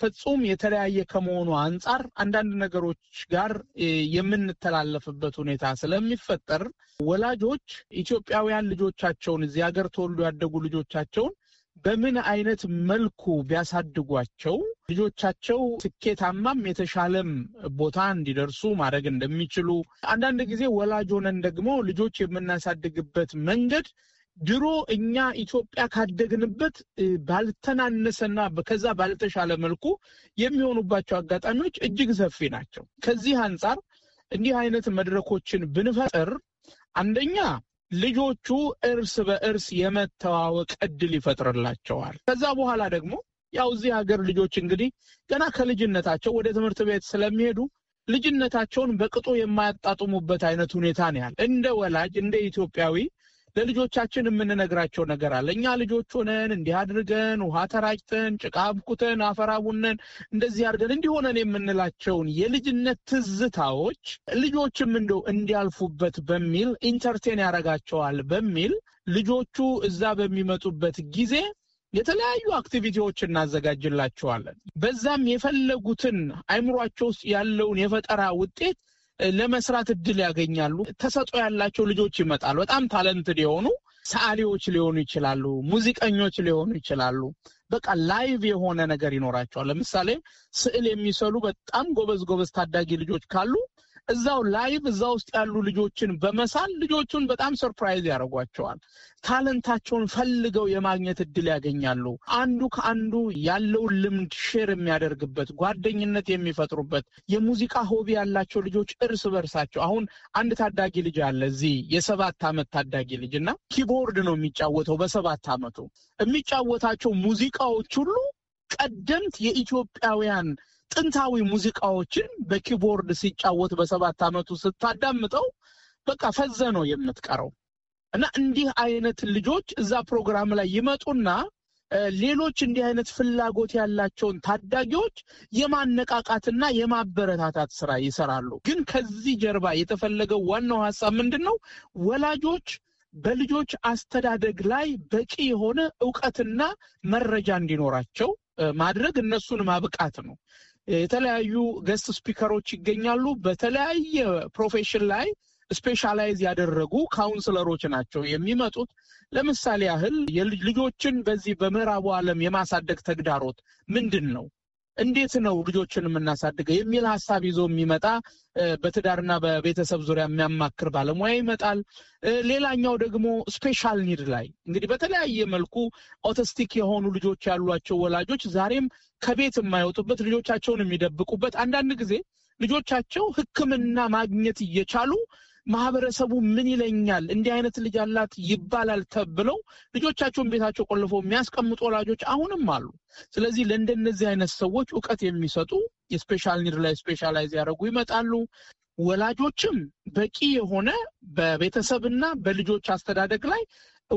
ፍጹም የተለያየ ከመሆኑ አንጻር አንዳንድ ነገሮች ጋር የምንተላለፍበት ሁኔታ ስለሚፈጠር ወላጆች ኢትዮጵያውያን ልጆቻቸውን እዚህ ሀገር ተወልዶ ያደጉ ልጆቻቸውን በምን አይነት መልኩ ቢያሳድጓቸው ልጆቻቸው ስኬታማም የተሻለም ቦታ እንዲደርሱ ማድረግ እንደሚችሉ አንዳንድ ጊዜ ወላጅ ሆነን ደግሞ ልጆች የምናሳድግበት መንገድ ድሮ እኛ ኢትዮጵያ ካደግንበት ባልተናነሰና ከዛ ባልተሻለ መልኩ የሚሆኑባቸው አጋጣሚዎች እጅግ ሰፊ ናቸው። ከዚህ አንጻር እንዲህ አይነት መድረኮችን ብንፈጥር አንደኛ ልጆቹ እርስ በእርስ የመተዋወቅ እድል ይፈጥርላቸዋል። ከዛ በኋላ ደግሞ ያው እዚህ ሀገር ልጆች እንግዲህ ገና ከልጅነታቸው ወደ ትምህርት ቤት ስለሚሄዱ ልጅነታቸውን በቅጡ የማያጣጥሙበት አይነት ሁኔታ ነው ያለ። እንደ ወላጅ እንደ ኢትዮጵያዊ ለልጆቻችን የምንነግራቸው ነገር አለ። እኛ ልጆች ሆነን እንዲህ አድርገን ውሃ ተራጭተን ጭቃ አብኩተን አፈራቡነን እንደዚህ አድርገን እንዲሆነን የምንላቸውን የልጅነት ትዝታዎች ልጆችም እንደው እንዲያልፉበት በሚል ኢንተርቴን ያደርጋቸዋል በሚል ልጆቹ እዛ በሚመጡበት ጊዜ የተለያዩ አክቲቪቲዎች እናዘጋጅላቸዋለን። በዛም የፈለጉትን አይምሯቸው ውስጥ ያለውን የፈጠራ ውጤት ለመስራት እድል ያገኛሉ። ተሰጦ ያላቸው ልጆች ይመጣሉ። በጣም ታለንትድ የሆኑ ሰዓሊዎች ሊሆኑ ይችላሉ። ሙዚቀኞች ሊሆኑ ይችላሉ። በቃ ላይቭ የሆነ ነገር ይኖራቸዋል። ለምሳሌ ስዕል የሚሰሉ በጣም ጎበዝ ጎበዝ ታዳጊ ልጆች ካሉ እዛው ላይቭ እዛ ውስጥ ያሉ ልጆችን በመሳል ልጆቹን በጣም ሰርፕራይዝ ያደርጓቸዋል። ታለንታቸውን ፈልገው የማግኘት እድል ያገኛሉ። አንዱ ከአንዱ ያለውን ልምድ ሼር የሚያደርግበት ጓደኝነት የሚፈጥሩበት የሙዚቃ ሆቢ ያላቸው ልጆች እርስ በርሳቸው አሁን አንድ ታዳጊ ልጅ አለ እዚህ የሰባት ዓመት ታዳጊ ልጅ እና ኪቦርድ ነው የሚጫወተው። በሰባት ዓመቱ የሚጫወታቸው ሙዚቃዎች ሁሉ ቀደምት የኢትዮጵያውያን ጥንታዊ ሙዚቃዎችን በኪቦርድ ሲጫወት በሰባት ዓመቱ ስታዳምጠው በቃ ፈዘ ነው የምትቀረው። እና እንዲህ አይነት ልጆች እዛ ፕሮግራም ላይ ይመጡና ሌሎች እንዲህ አይነት ፍላጎት ያላቸውን ታዳጊዎች የማነቃቃትና የማበረታታት ስራ ይሰራሉ። ግን ከዚህ ጀርባ የተፈለገው ዋናው ሀሳብ ምንድን ነው? ወላጆች በልጆች አስተዳደግ ላይ በቂ የሆነ እውቀትና መረጃ እንዲኖራቸው ማድረግ እነሱን ማብቃት ነው። የተለያዩ ገስት ስፒከሮች ይገኛሉ። በተለያየ ፕሮፌሽን ላይ ስፔሻላይዝ ያደረጉ ካውንስለሮች ናቸው የሚመጡት። ለምሳሌ ያህል ልጆችን በዚህ በምዕራቡ ዓለም የማሳደግ ተግዳሮት ምንድን ነው? እንዴት ነው ልጆችን የምናሳድገው የሚል ሀሳብ ይዞ የሚመጣ በትዳርና በቤተሰብ ዙሪያ የሚያማክር ባለሙያ ይመጣል። ሌላኛው ደግሞ ስፔሻል ኒድ ላይ እንግዲህ በተለያየ መልኩ ኦቲስቲክ የሆኑ ልጆች ያሏቸው ወላጆች ዛሬም ከቤት የማይወጡበት ልጆቻቸውን የሚደብቁበት አንዳንድ ጊዜ ልጆቻቸው ሕክምና ማግኘት እየቻሉ ማህበረሰቡ ምን ይለኛል እንዲህ አይነት ልጅ አላት ይባላል ተብለው ልጆቻቸውን ቤታቸው ቆልፎ የሚያስቀምጡ ወላጆች አሁንም አሉ። ስለዚህ ለእንደነዚህ አይነት ሰዎች እውቀት የሚሰጡ የስፔሻል ኒድ ላይ ስፔሻላይዝ ያደረጉ ይመጣሉ። ወላጆችም በቂ የሆነ በቤተሰብና በልጆች አስተዳደግ ላይ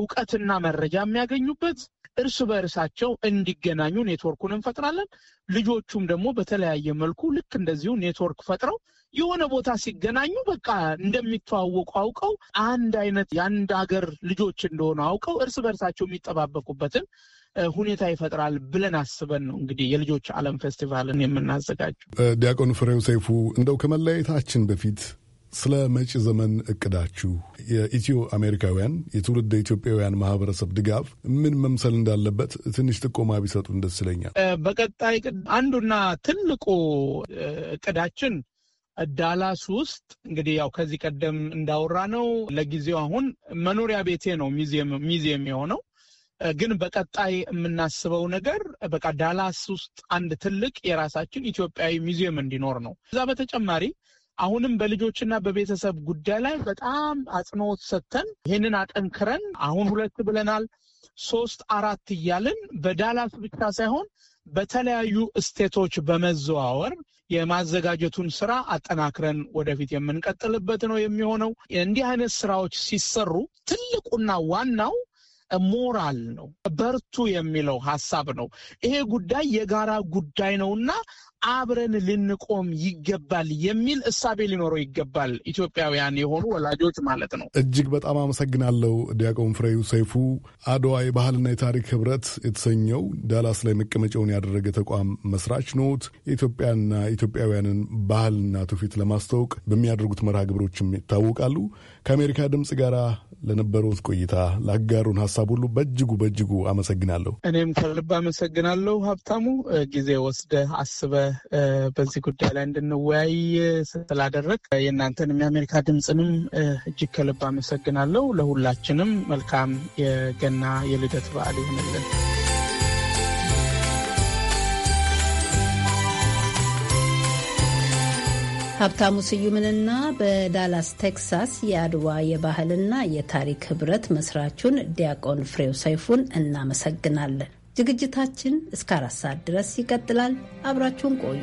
እውቀትና መረጃ የሚያገኙበት እርስ በእርሳቸው እንዲገናኙ ኔትወርኩን እንፈጥራለን። ልጆቹም ደግሞ በተለያየ መልኩ ልክ እንደዚሁ ኔትወርክ ፈጥረው የሆነ ቦታ ሲገናኙ በቃ እንደሚተዋወቁ አውቀው አንድ አይነት የአንድ ሀገር ልጆች እንደሆኑ አውቀው እርስ በርሳቸው የሚጠባበቁበትን ሁኔታ ይፈጥራል ብለን አስበን ነው እንግዲህ የልጆች ዓለም ፌስቲቫልን የምናዘጋጀው። ዲያቆን ፍሬው ሰይፉ እንደው ከመለያየታችን በፊት ስለ መጪ ዘመን እቅዳችሁ የኢትዮ አሜሪካውያን የትውልድ ኢትዮጵያውያን ማህበረሰብ ድጋፍ ምን መምሰል እንዳለበት ትንሽ ጥቆማ ቢሰጡን ደስ ይለኛል። በቀጣይ አንዱና ትልቁ እቅዳችን ዳላስ ውስጥ እንግዲህ ያው ከዚህ ቀደም እንዳወራ ነው ለጊዜው አሁን መኖሪያ ቤቴ ነው ሚዚየም የሆነው። ግን በቀጣይ የምናስበው ነገር በቃ ዳላስ ውስጥ አንድ ትልቅ የራሳችን ኢትዮጵያዊ ሚዚየም እንዲኖር ነው። እዛ በተጨማሪ አሁንም በልጆችና በቤተሰብ ጉዳይ ላይ በጣም አጽንኦት ሰጥተን ይህንን አጠንክረን አሁን ሁለት ብለናል፣ ሶስት አራት እያልን በዳላስ ብቻ ሳይሆን በተለያዩ እስቴቶች በመዘዋወር የማዘጋጀቱን ስራ አጠናክረን ወደፊት የምንቀጥልበት ነው የሚሆነው። እንዲህ አይነት ስራዎች ሲሰሩ ትልቁና ዋናው ሞራል ነው፣ በርቱ የሚለው ሀሳብ ነው። ይሄ ጉዳይ የጋራ ጉዳይ ነውና አብረን ልንቆም ይገባል የሚል እሳቤ ሊኖረው ይገባል። ኢትዮጵያውያን የሆኑ ወላጆች ማለት ነው። እጅግ በጣም አመሰግናለሁ። ዲያቆን ፍሬው ሰይፉ አድዋ የባህልና የታሪክ ህብረት የተሰኘው ዳላስ ላይ መቀመጫውን ያደረገ ተቋም መስራች ኖት። የኢትዮጵያና ኢትዮጵያውያንን ባህልና ትውፊት ለማስተዋወቅ በሚያደርጉት መርሃ ግብሮችም ይታወቃሉ። ከአሜሪካ ድምፅ ጋር ለነበሩት ቆይታ ላጋሩን ሀሳብ ሁሉ በእጅጉ በእጅጉ አመሰግናለሁ። እኔም ከልብ አመሰግናለሁ ሀብታሙ፣ ጊዜ ወስደህ አስበህ በዚህ ጉዳይ ላይ እንድንወያይ ስላደረግ የእናንተንም የአሜሪካ ድምፅንም እጅግ ከልብ አመሰግናለሁ። ለሁላችንም መልካም የገና የልደት በዓል ይሆንልን። ሀብታሙ ስዩምንና በዳላስ ቴክሳስ የአድዋ የባህልና የታሪክ ህብረት መስራቹን ዲያቆን ፍሬው ሰይፉን እናመሰግናለን። ዝግጅታችን እስከ አራት ሰዓት ድረስ ይቀጥላል። አብራችሁን ቆዩ።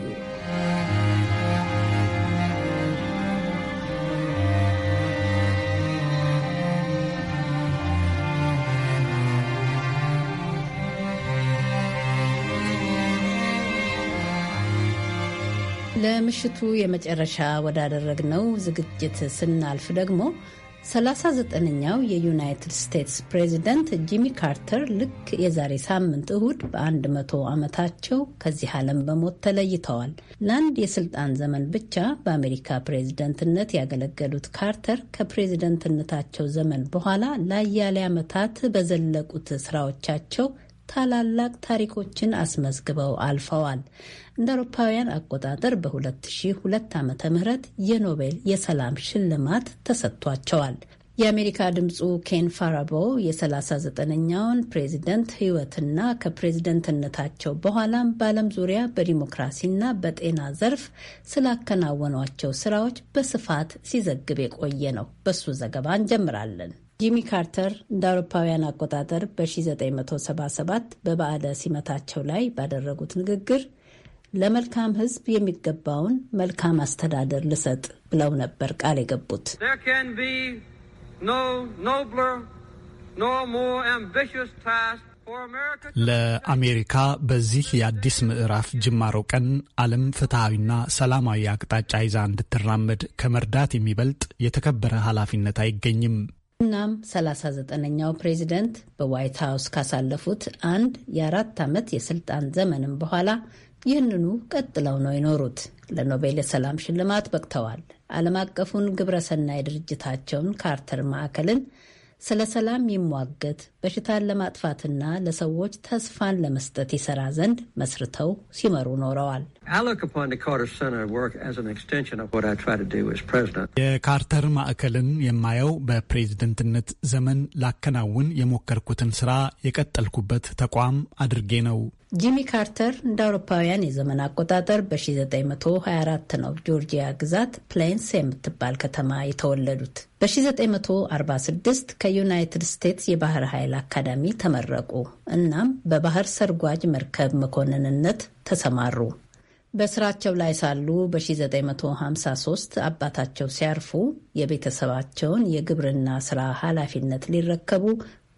ለምሽቱ የመጨረሻ ወዳደረግነው ዝግጅት ስናልፍ ደግሞ 39ኛው የዩናይትድ ስቴትስ ፕሬዚደንት ጂሚ ካርተር ልክ የዛሬ ሳምንት እሁድ በአንድ መቶ ዓመታቸው ከዚህ ዓለም በሞት ተለይተዋል። ለአንድ የስልጣን ዘመን ብቻ በአሜሪካ ፕሬዝደንትነት ያገለገሉት ካርተር ከፕሬዝደንትነታቸው ዘመን በኋላ ለአያሌ ዓመታት በዘለቁት ስራዎቻቸው ታላላቅ ታሪኮችን አስመዝግበው አልፈዋል። እንደ አውሮፓውያን አቆጣጠር በ2002 ዓ ም የኖቤል የሰላም ሽልማት ተሰጥቷቸዋል። የአሜሪካ ድምፁ ኬን ፋራቦ የ39ኛውን ፕሬዚደንት ሕይወትና ከፕሬዝደንትነታቸው በኋላም በዓለም ዙሪያ በዲሞክራሲና በጤና ዘርፍ ስላከናወኗቸው ስራዎች በስፋት ሲዘግብ የቆየ ነው። በሱ ዘገባ እንጀምራለን። ጂሚ ካርተር እንደ አውሮፓውያን አቆጣጠር በ1977 በበዓለ ሲመታቸው ላይ ባደረጉት ንግግር ለመልካም ሕዝብ የሚገባውን መልካም አስተዳደር ልሰጥ ብለው ነበር ቃል የገቡት። ለአሜሪካ በዚህ የአዲስ ምዕራፍ ጅማሮ ቀን ዓለም ፍትሐዊና ሰላማዊ አቅጣጫ ይዛ እንድትራመድ ከመርዳት የሚበልጥ የተከበረ ኃላፊነት አይገኝም። እናም 39ኛው ፕሬዚደንት በዋይት ሀውስ ካሳለፉት አንድ የአራት ዓመት የስልጣን ዘመንም በኋላ ይህንኑ ቀጥለው ነው የኖሩት። ለኖቤል የሰላም ሽልማት በቅተዋል። ዓለም አቀፉን ግብረሰናይ ድርጅታቸውን ካርተር ማዕከልን ስለ ሰላም ይሟገት በሽታን ለማጥፋትና ለሰዎች ተስፋን ለመስጠት ይሰራ ዘንድ መስርተው ሲመሩ ኖረዋል። የካርተር ማዕከልን የማየው በፕሬዝደንትነት ዘመን ላከናውን የሞከርኩትን ስራ የቀጠልኩበት ተቋም አድርጌ ነው። ጂሚ ካርተር እንደ አውሮፓውያን የዘመን አቆጣጠር በ1924 ነው ጆርጂያ ግዛት ፕሌንስ የምትባል ከተማ የተወለዱት። በ1946 ከዩናይትድ ስቴትስ የባህር ኃይል አካዳሚ ተመረቁ። እናም በባህር ሰርጓጅ መርከብ መኮንንነት ተሰማሩ። በስራቸው ላይ ሳሉ በ1953 አባታቸው ሲያርፉ የቤተሰባቸውን የግብርና ስራ ኃላፊነት ሊረከቡ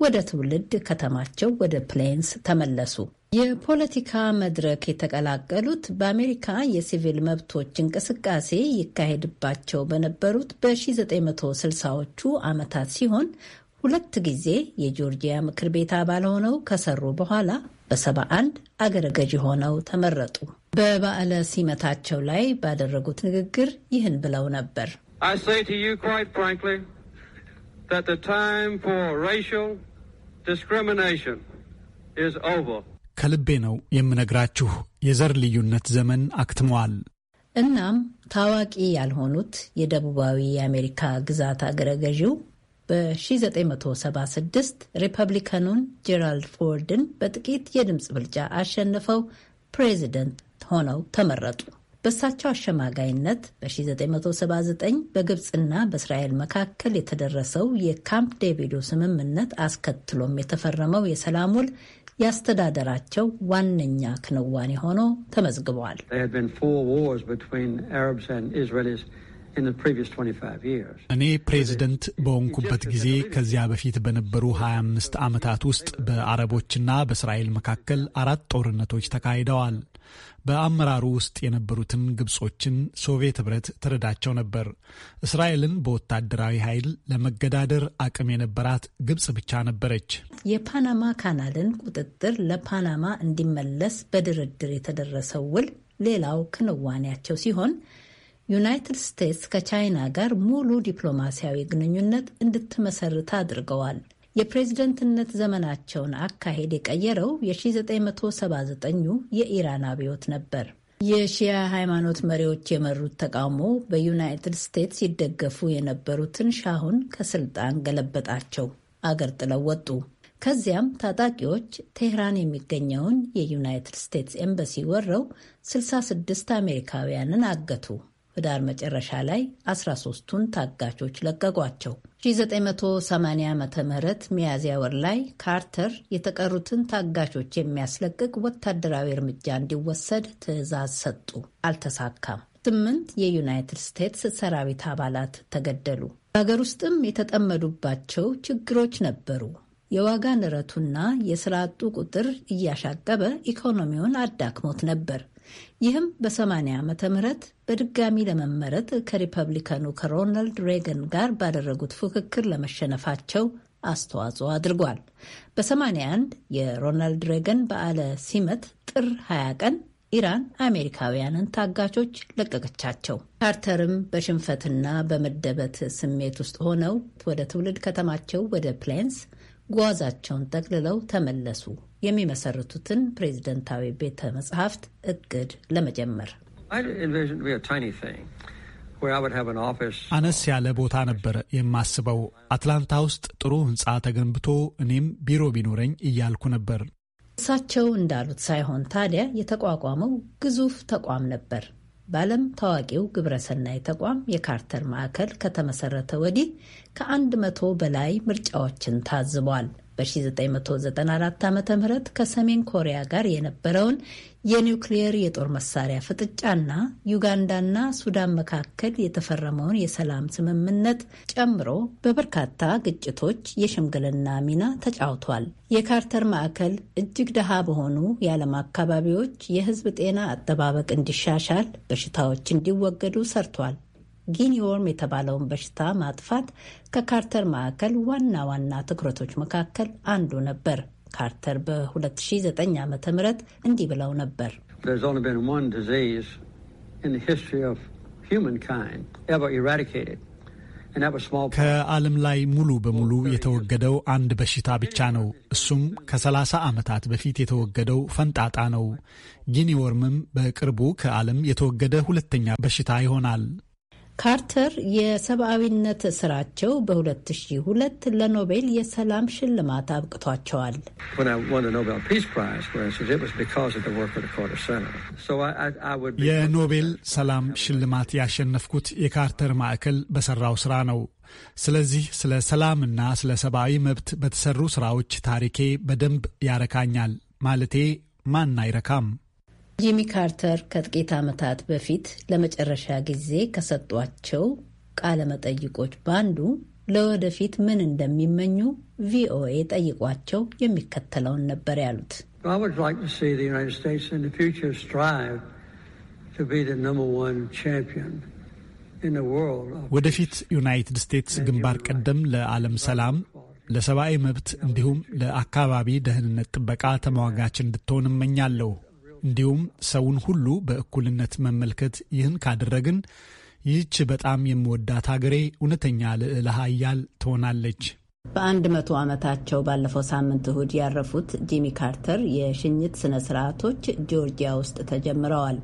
ወደ ትውልድ ከተማቸው ወደ ፕሌንስ ተመለሱ። የፖለቲካ መድረክ የተቀላቀሉት በአሜሪካ የሲቪል መብቶች እንቅስቃሴ ይካሄድባቸው በነበሩት በ1960ዎቹ ዓመታት ሲሆን ሁለት ጊዜ የጆርጂያ ምክር ቤት አባል ሆነው ከሰሩ በኋላ በሰባ አንድ አገረ ገዢ ሆነው ተመረጡ። በበዓለ ሲመታቸው ላይ ባደረጉት ንግግር ይህን ብለው ነበር። ከልቤ ነው የምነግራችሁ፣ የዘር ልዩነት ዘመን አክትመዋል። እናም ታዋቂ ያልሆኑት የደቡባዊ የአሜሪካ ግዛት አገረ ገዢው በ1976 ሪፐብሊካኑን ጄራልድ ፎርድን በጥቂት የድምፅ ብልጫ አሸንፈው ፕሬዚደንት ሆነው ተመረጡ። በእሳቸው አሸማጋይነት በ1979 በግብፅና በእስራኤል መካከል የተደረሰው የካምፕ ዴቪዱ ስምምነት አስከትሎም የተፈረመው የሰላም ውል ያስተዳደራቸው ዋነኛ ክንዋኔ ሆኖ ተመዝግቧል። እኔ ፕሬዝደንት በሆንኩበት ጊዜ ከዚያ በፊት በነበሩ 25 ዓመታት ውስጥ በአረቦችና በእስራኤል መካከል አራት ጦርነቶች ተካሂደዋል። በአመራሩ ውስጥ የነበሩትን ግብጾችን ሶቪየት ህብረት ትረዳቸው ነበር። እስራኤልን በወታደራዊ ኃይል ለመገዳደር አቅም የነበራት ግብጽ ብቻ ነበረች። የፓናማ ካናልን ቁጥጥር ለፓናማ እንዲመለስ በድርድር የተደረሰው ውል ሌላው ክንዋኔያቸው ሲሆን ዩናይትድ ስቴትስ ከቻይና ጋር ሙሉ ዲፕሎማሲያዊ ግንኙነት እንድትመሰርት አድርገዋል። የፕሬዝደንትነት ዘመናቸውን አካሄድ የቀየረው የ1979ኙ የኢራን አብዮት ነበር። የሺያ ሃይማኖት መሪዎች የመሩት ተቃውሞ በዩናይትድ ስቴትስ ይደገፉ የነበሩትን ሻሁን ከስልጣን ገለበጣቸው። አገር ጥለው ወጡ። ከዚያም ታጣቂዎች ቴህራን የሚገኘውን የዩናይትድ ስቴትስ ኤምባሲ ወረው 66 አሜሪካውያንን አገቱ። ህዳር መጨረሻ ላይ 13ቱን ታጋቾች ለቀቋቸው። 1980 ዓ ም ሚያዝያ ወር ላይ ካርተር የተቀሩትን ታጋቾች የሚያስለቅቅ ወታደራዊ እርምጃ እንዲወሰድ ትዕዛዝ ሰጡ። አልተሳካም። ስምንት የዩናይትድ ስቴትስ ሰራዊት አባላት ተገደሉ። በሀገር ውስጥም የተጠመዱባቸው ችግሮች ነበሩ። የዋጋ ንረቱና የስራ አጡ ቁጥር እያሻቀበ ኢኮኖሚውን አዳክሞት ነበር። ይህም በ80 ዓመተ ምህረት በድጋሚ ለመመረጥ ከሪፐብሊካኑ ከሮናልድ ሬገን ጋር ባደረጉት ፉክክር ለመሸነፋቸው አስተዋጽኦ አድርጓል። በ81 የሮናልድ ሬገን በዓለ ሲመት ጥር 20 ቀን ኢራን አሜሪካውያንን ታጋቾች ለቀቀቻቸው። ካርተርም በሽንፈትና በመደበት ስሜት ውስጥ ሆነው ወደ ትውልድ ከተማቸው ወደ ፕሌንስ ጓዛቸውን ጠቅልለው ተመለሱ የሚመሰርቱትን ፕሬዝደንታዊ ቤተ መጽሐፍት እቅድ ለመጀመር አነስ ያለ ቦታ ነበር የማስበው። አትላንታ ውስጥ ጥሩ ህንፃ ተገንብቶ እኔም ቢሮ ቢኖረኝ እያልኩ ነበር። እሳቸው እንዳሉት ሳይሆን ታዲያ የተቋቋመው ግዙፍ ተቋም ነበር። በዓለም ታዋቂው ግብረሰናይ ተቋም የካርተር ማዕከል ከተመሰረተ ወዲህ ከአንድ መቶ በላይ ምርጫዎችን ታዝቧል። በ1994 ዓ ም ከሰሜን ኮሪያ ጋር የነበረውን የኒውክሊየር የጦር መሳሪያ ፍጥጫና ዩጋንዳና ሱዳን መካከል የተፈረመውን የሰላም ስምምነት ጨምሮ በበርካታ ግጭቶች የሽምግልና ሚና ተጫውቷል። የካርተር ማዕከል እጅግ ደሃ በሆኑ የዓለም አካባቢዎች የሕዝብ ጤና አጠባበቅ እንዲሻሻል፣ በሽታዎች እንዲወገዱ ሰርቷል። ጊኒወርም የተባለውን በሽታ ማጥፋት ከካርተር ማዕከል ዋና ዋና ትኩረቶች መካከል አንዱ ነበር። ካርተር በ2009 ዓ ም እንዲህ ብለው ነበር። ከዓለም ላይ ሙሉ በሙሉ የተወገደው አንድ በሽታ ብቻ ነው። እሱም ከ30 ዓመታት በፊት የተወገደው ፈንጣጣ ነው። ጊኒወርምም በቅርቡ ከዓለም የተወገደ ሁለተኛ በሽታ ይሆናል። ካርተር የሰብአዊነት ስራቸው በ2002 ለኖቤል የሰላም ሽልማት አብቅቷቸዋል። የኖቤል ሰላም ሽልማት ያሸነፍኩት የካርተር ማዕከል በሰራው ስራ ነው። ስለዚህ ስለ ሰላምና ስለ ሰብአዊ መብት በተሰሩ ስራዎች ታሪኬ በደንብ ያረካኛል። ማለቴ ማን አይረካም? ጂሚ ካርተር ከጥቂት ዓመታት በፊት ለመጨረሻ ጊዜ ከሰጧቸው ቃለ መጠይቆች በአንዱ ለወደፊት ምን እንደሚመኙ ቪኦኤ ጠይቋቸው የሚከተለውን ነበር ያሉት። ወደፊት ዩናይትድ ስቴትስ ግንባር ቀደም ለዓለም ሰላም፣ ለሰብአዊ መብት እንዲሁም ለአካባቢ ደህንነት ጥበቃ ተሟጋች እንድትሆን እመኛለሁ። እንዲሁም ሰውን ሁሉ በእኩልነት መመልከት ይህን ካደረግን ይህች በጣም የምወዳት ሀገሬ እውነተኛ ልዕለ ኃያል ትሆናለች። በአንድ መቶ ዓመታቸው ባለፈው ሳምንት እሁድ ያረፉት ጂሚ ካርተር የሽኝት ስነ ስርዓቶች ጆርጂያ ውስጥ ተጀምረዋል።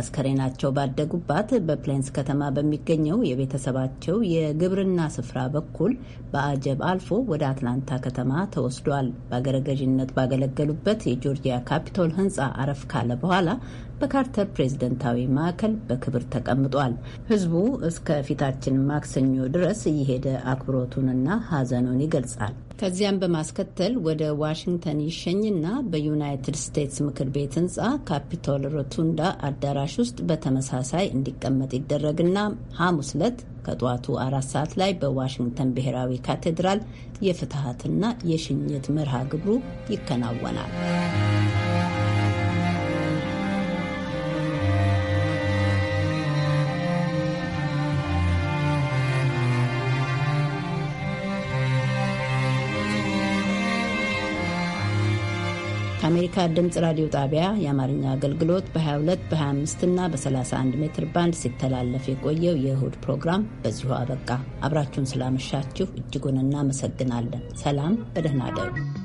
አስከሬናቸው ባደጉባት በፕሌንስ ከተማ በሚገኘው የቤተሰባቸው የግብርና ስፍራ በኩል በአጀብ አልፎ ወደ አትላንታ ከተማ ተወስዷል። በአገረ ባገለገሉበት የጆርጂያ ካፒቶል ሕንፃ አረፍ ካለ በኋላ በካርተር ፕሬዝደንታዊ ማዕከል በክብር ተቀምጧል። ሕዝቡ እስከ ፊታችን ማክሰኞ ድረስ እየሄደ አክብሮቱንና ሀዘኑን ይገልጻል። ከዚያም በማስከተል ወደ ዋሽንግተን ይሸኝና በዩናይትድ ስቴትስ ምክር ቤት ህንፃ ካፒቶል ሮቱንዳ አዳራሽ ውስጥ በተመሳሳይ እንዲቀመጥ ይደረግና ሐሙስ ዕለት ከጠዋቱ አራት ሰዓት ላይ በዋሽንግተን ብሔራዊ ካቴድራል የፍትሐትና የሽኝት መርሃ ግብሩ ይከናወናል። ከአሜሪካ ድምፅ ራዲዮ ጣቢያ የአማርኛ አገልግሎት በ22 በ25 እና በ31 ሜትር ባንድ ሲተላለፍ የቆየው የእሁድ ፕሮግራም በዚሁ አበቃ። አብራችሁን ስላመሻችሁ እጅጉን እናመሰግናለን። ሰላም፣ በደህና እደሩ።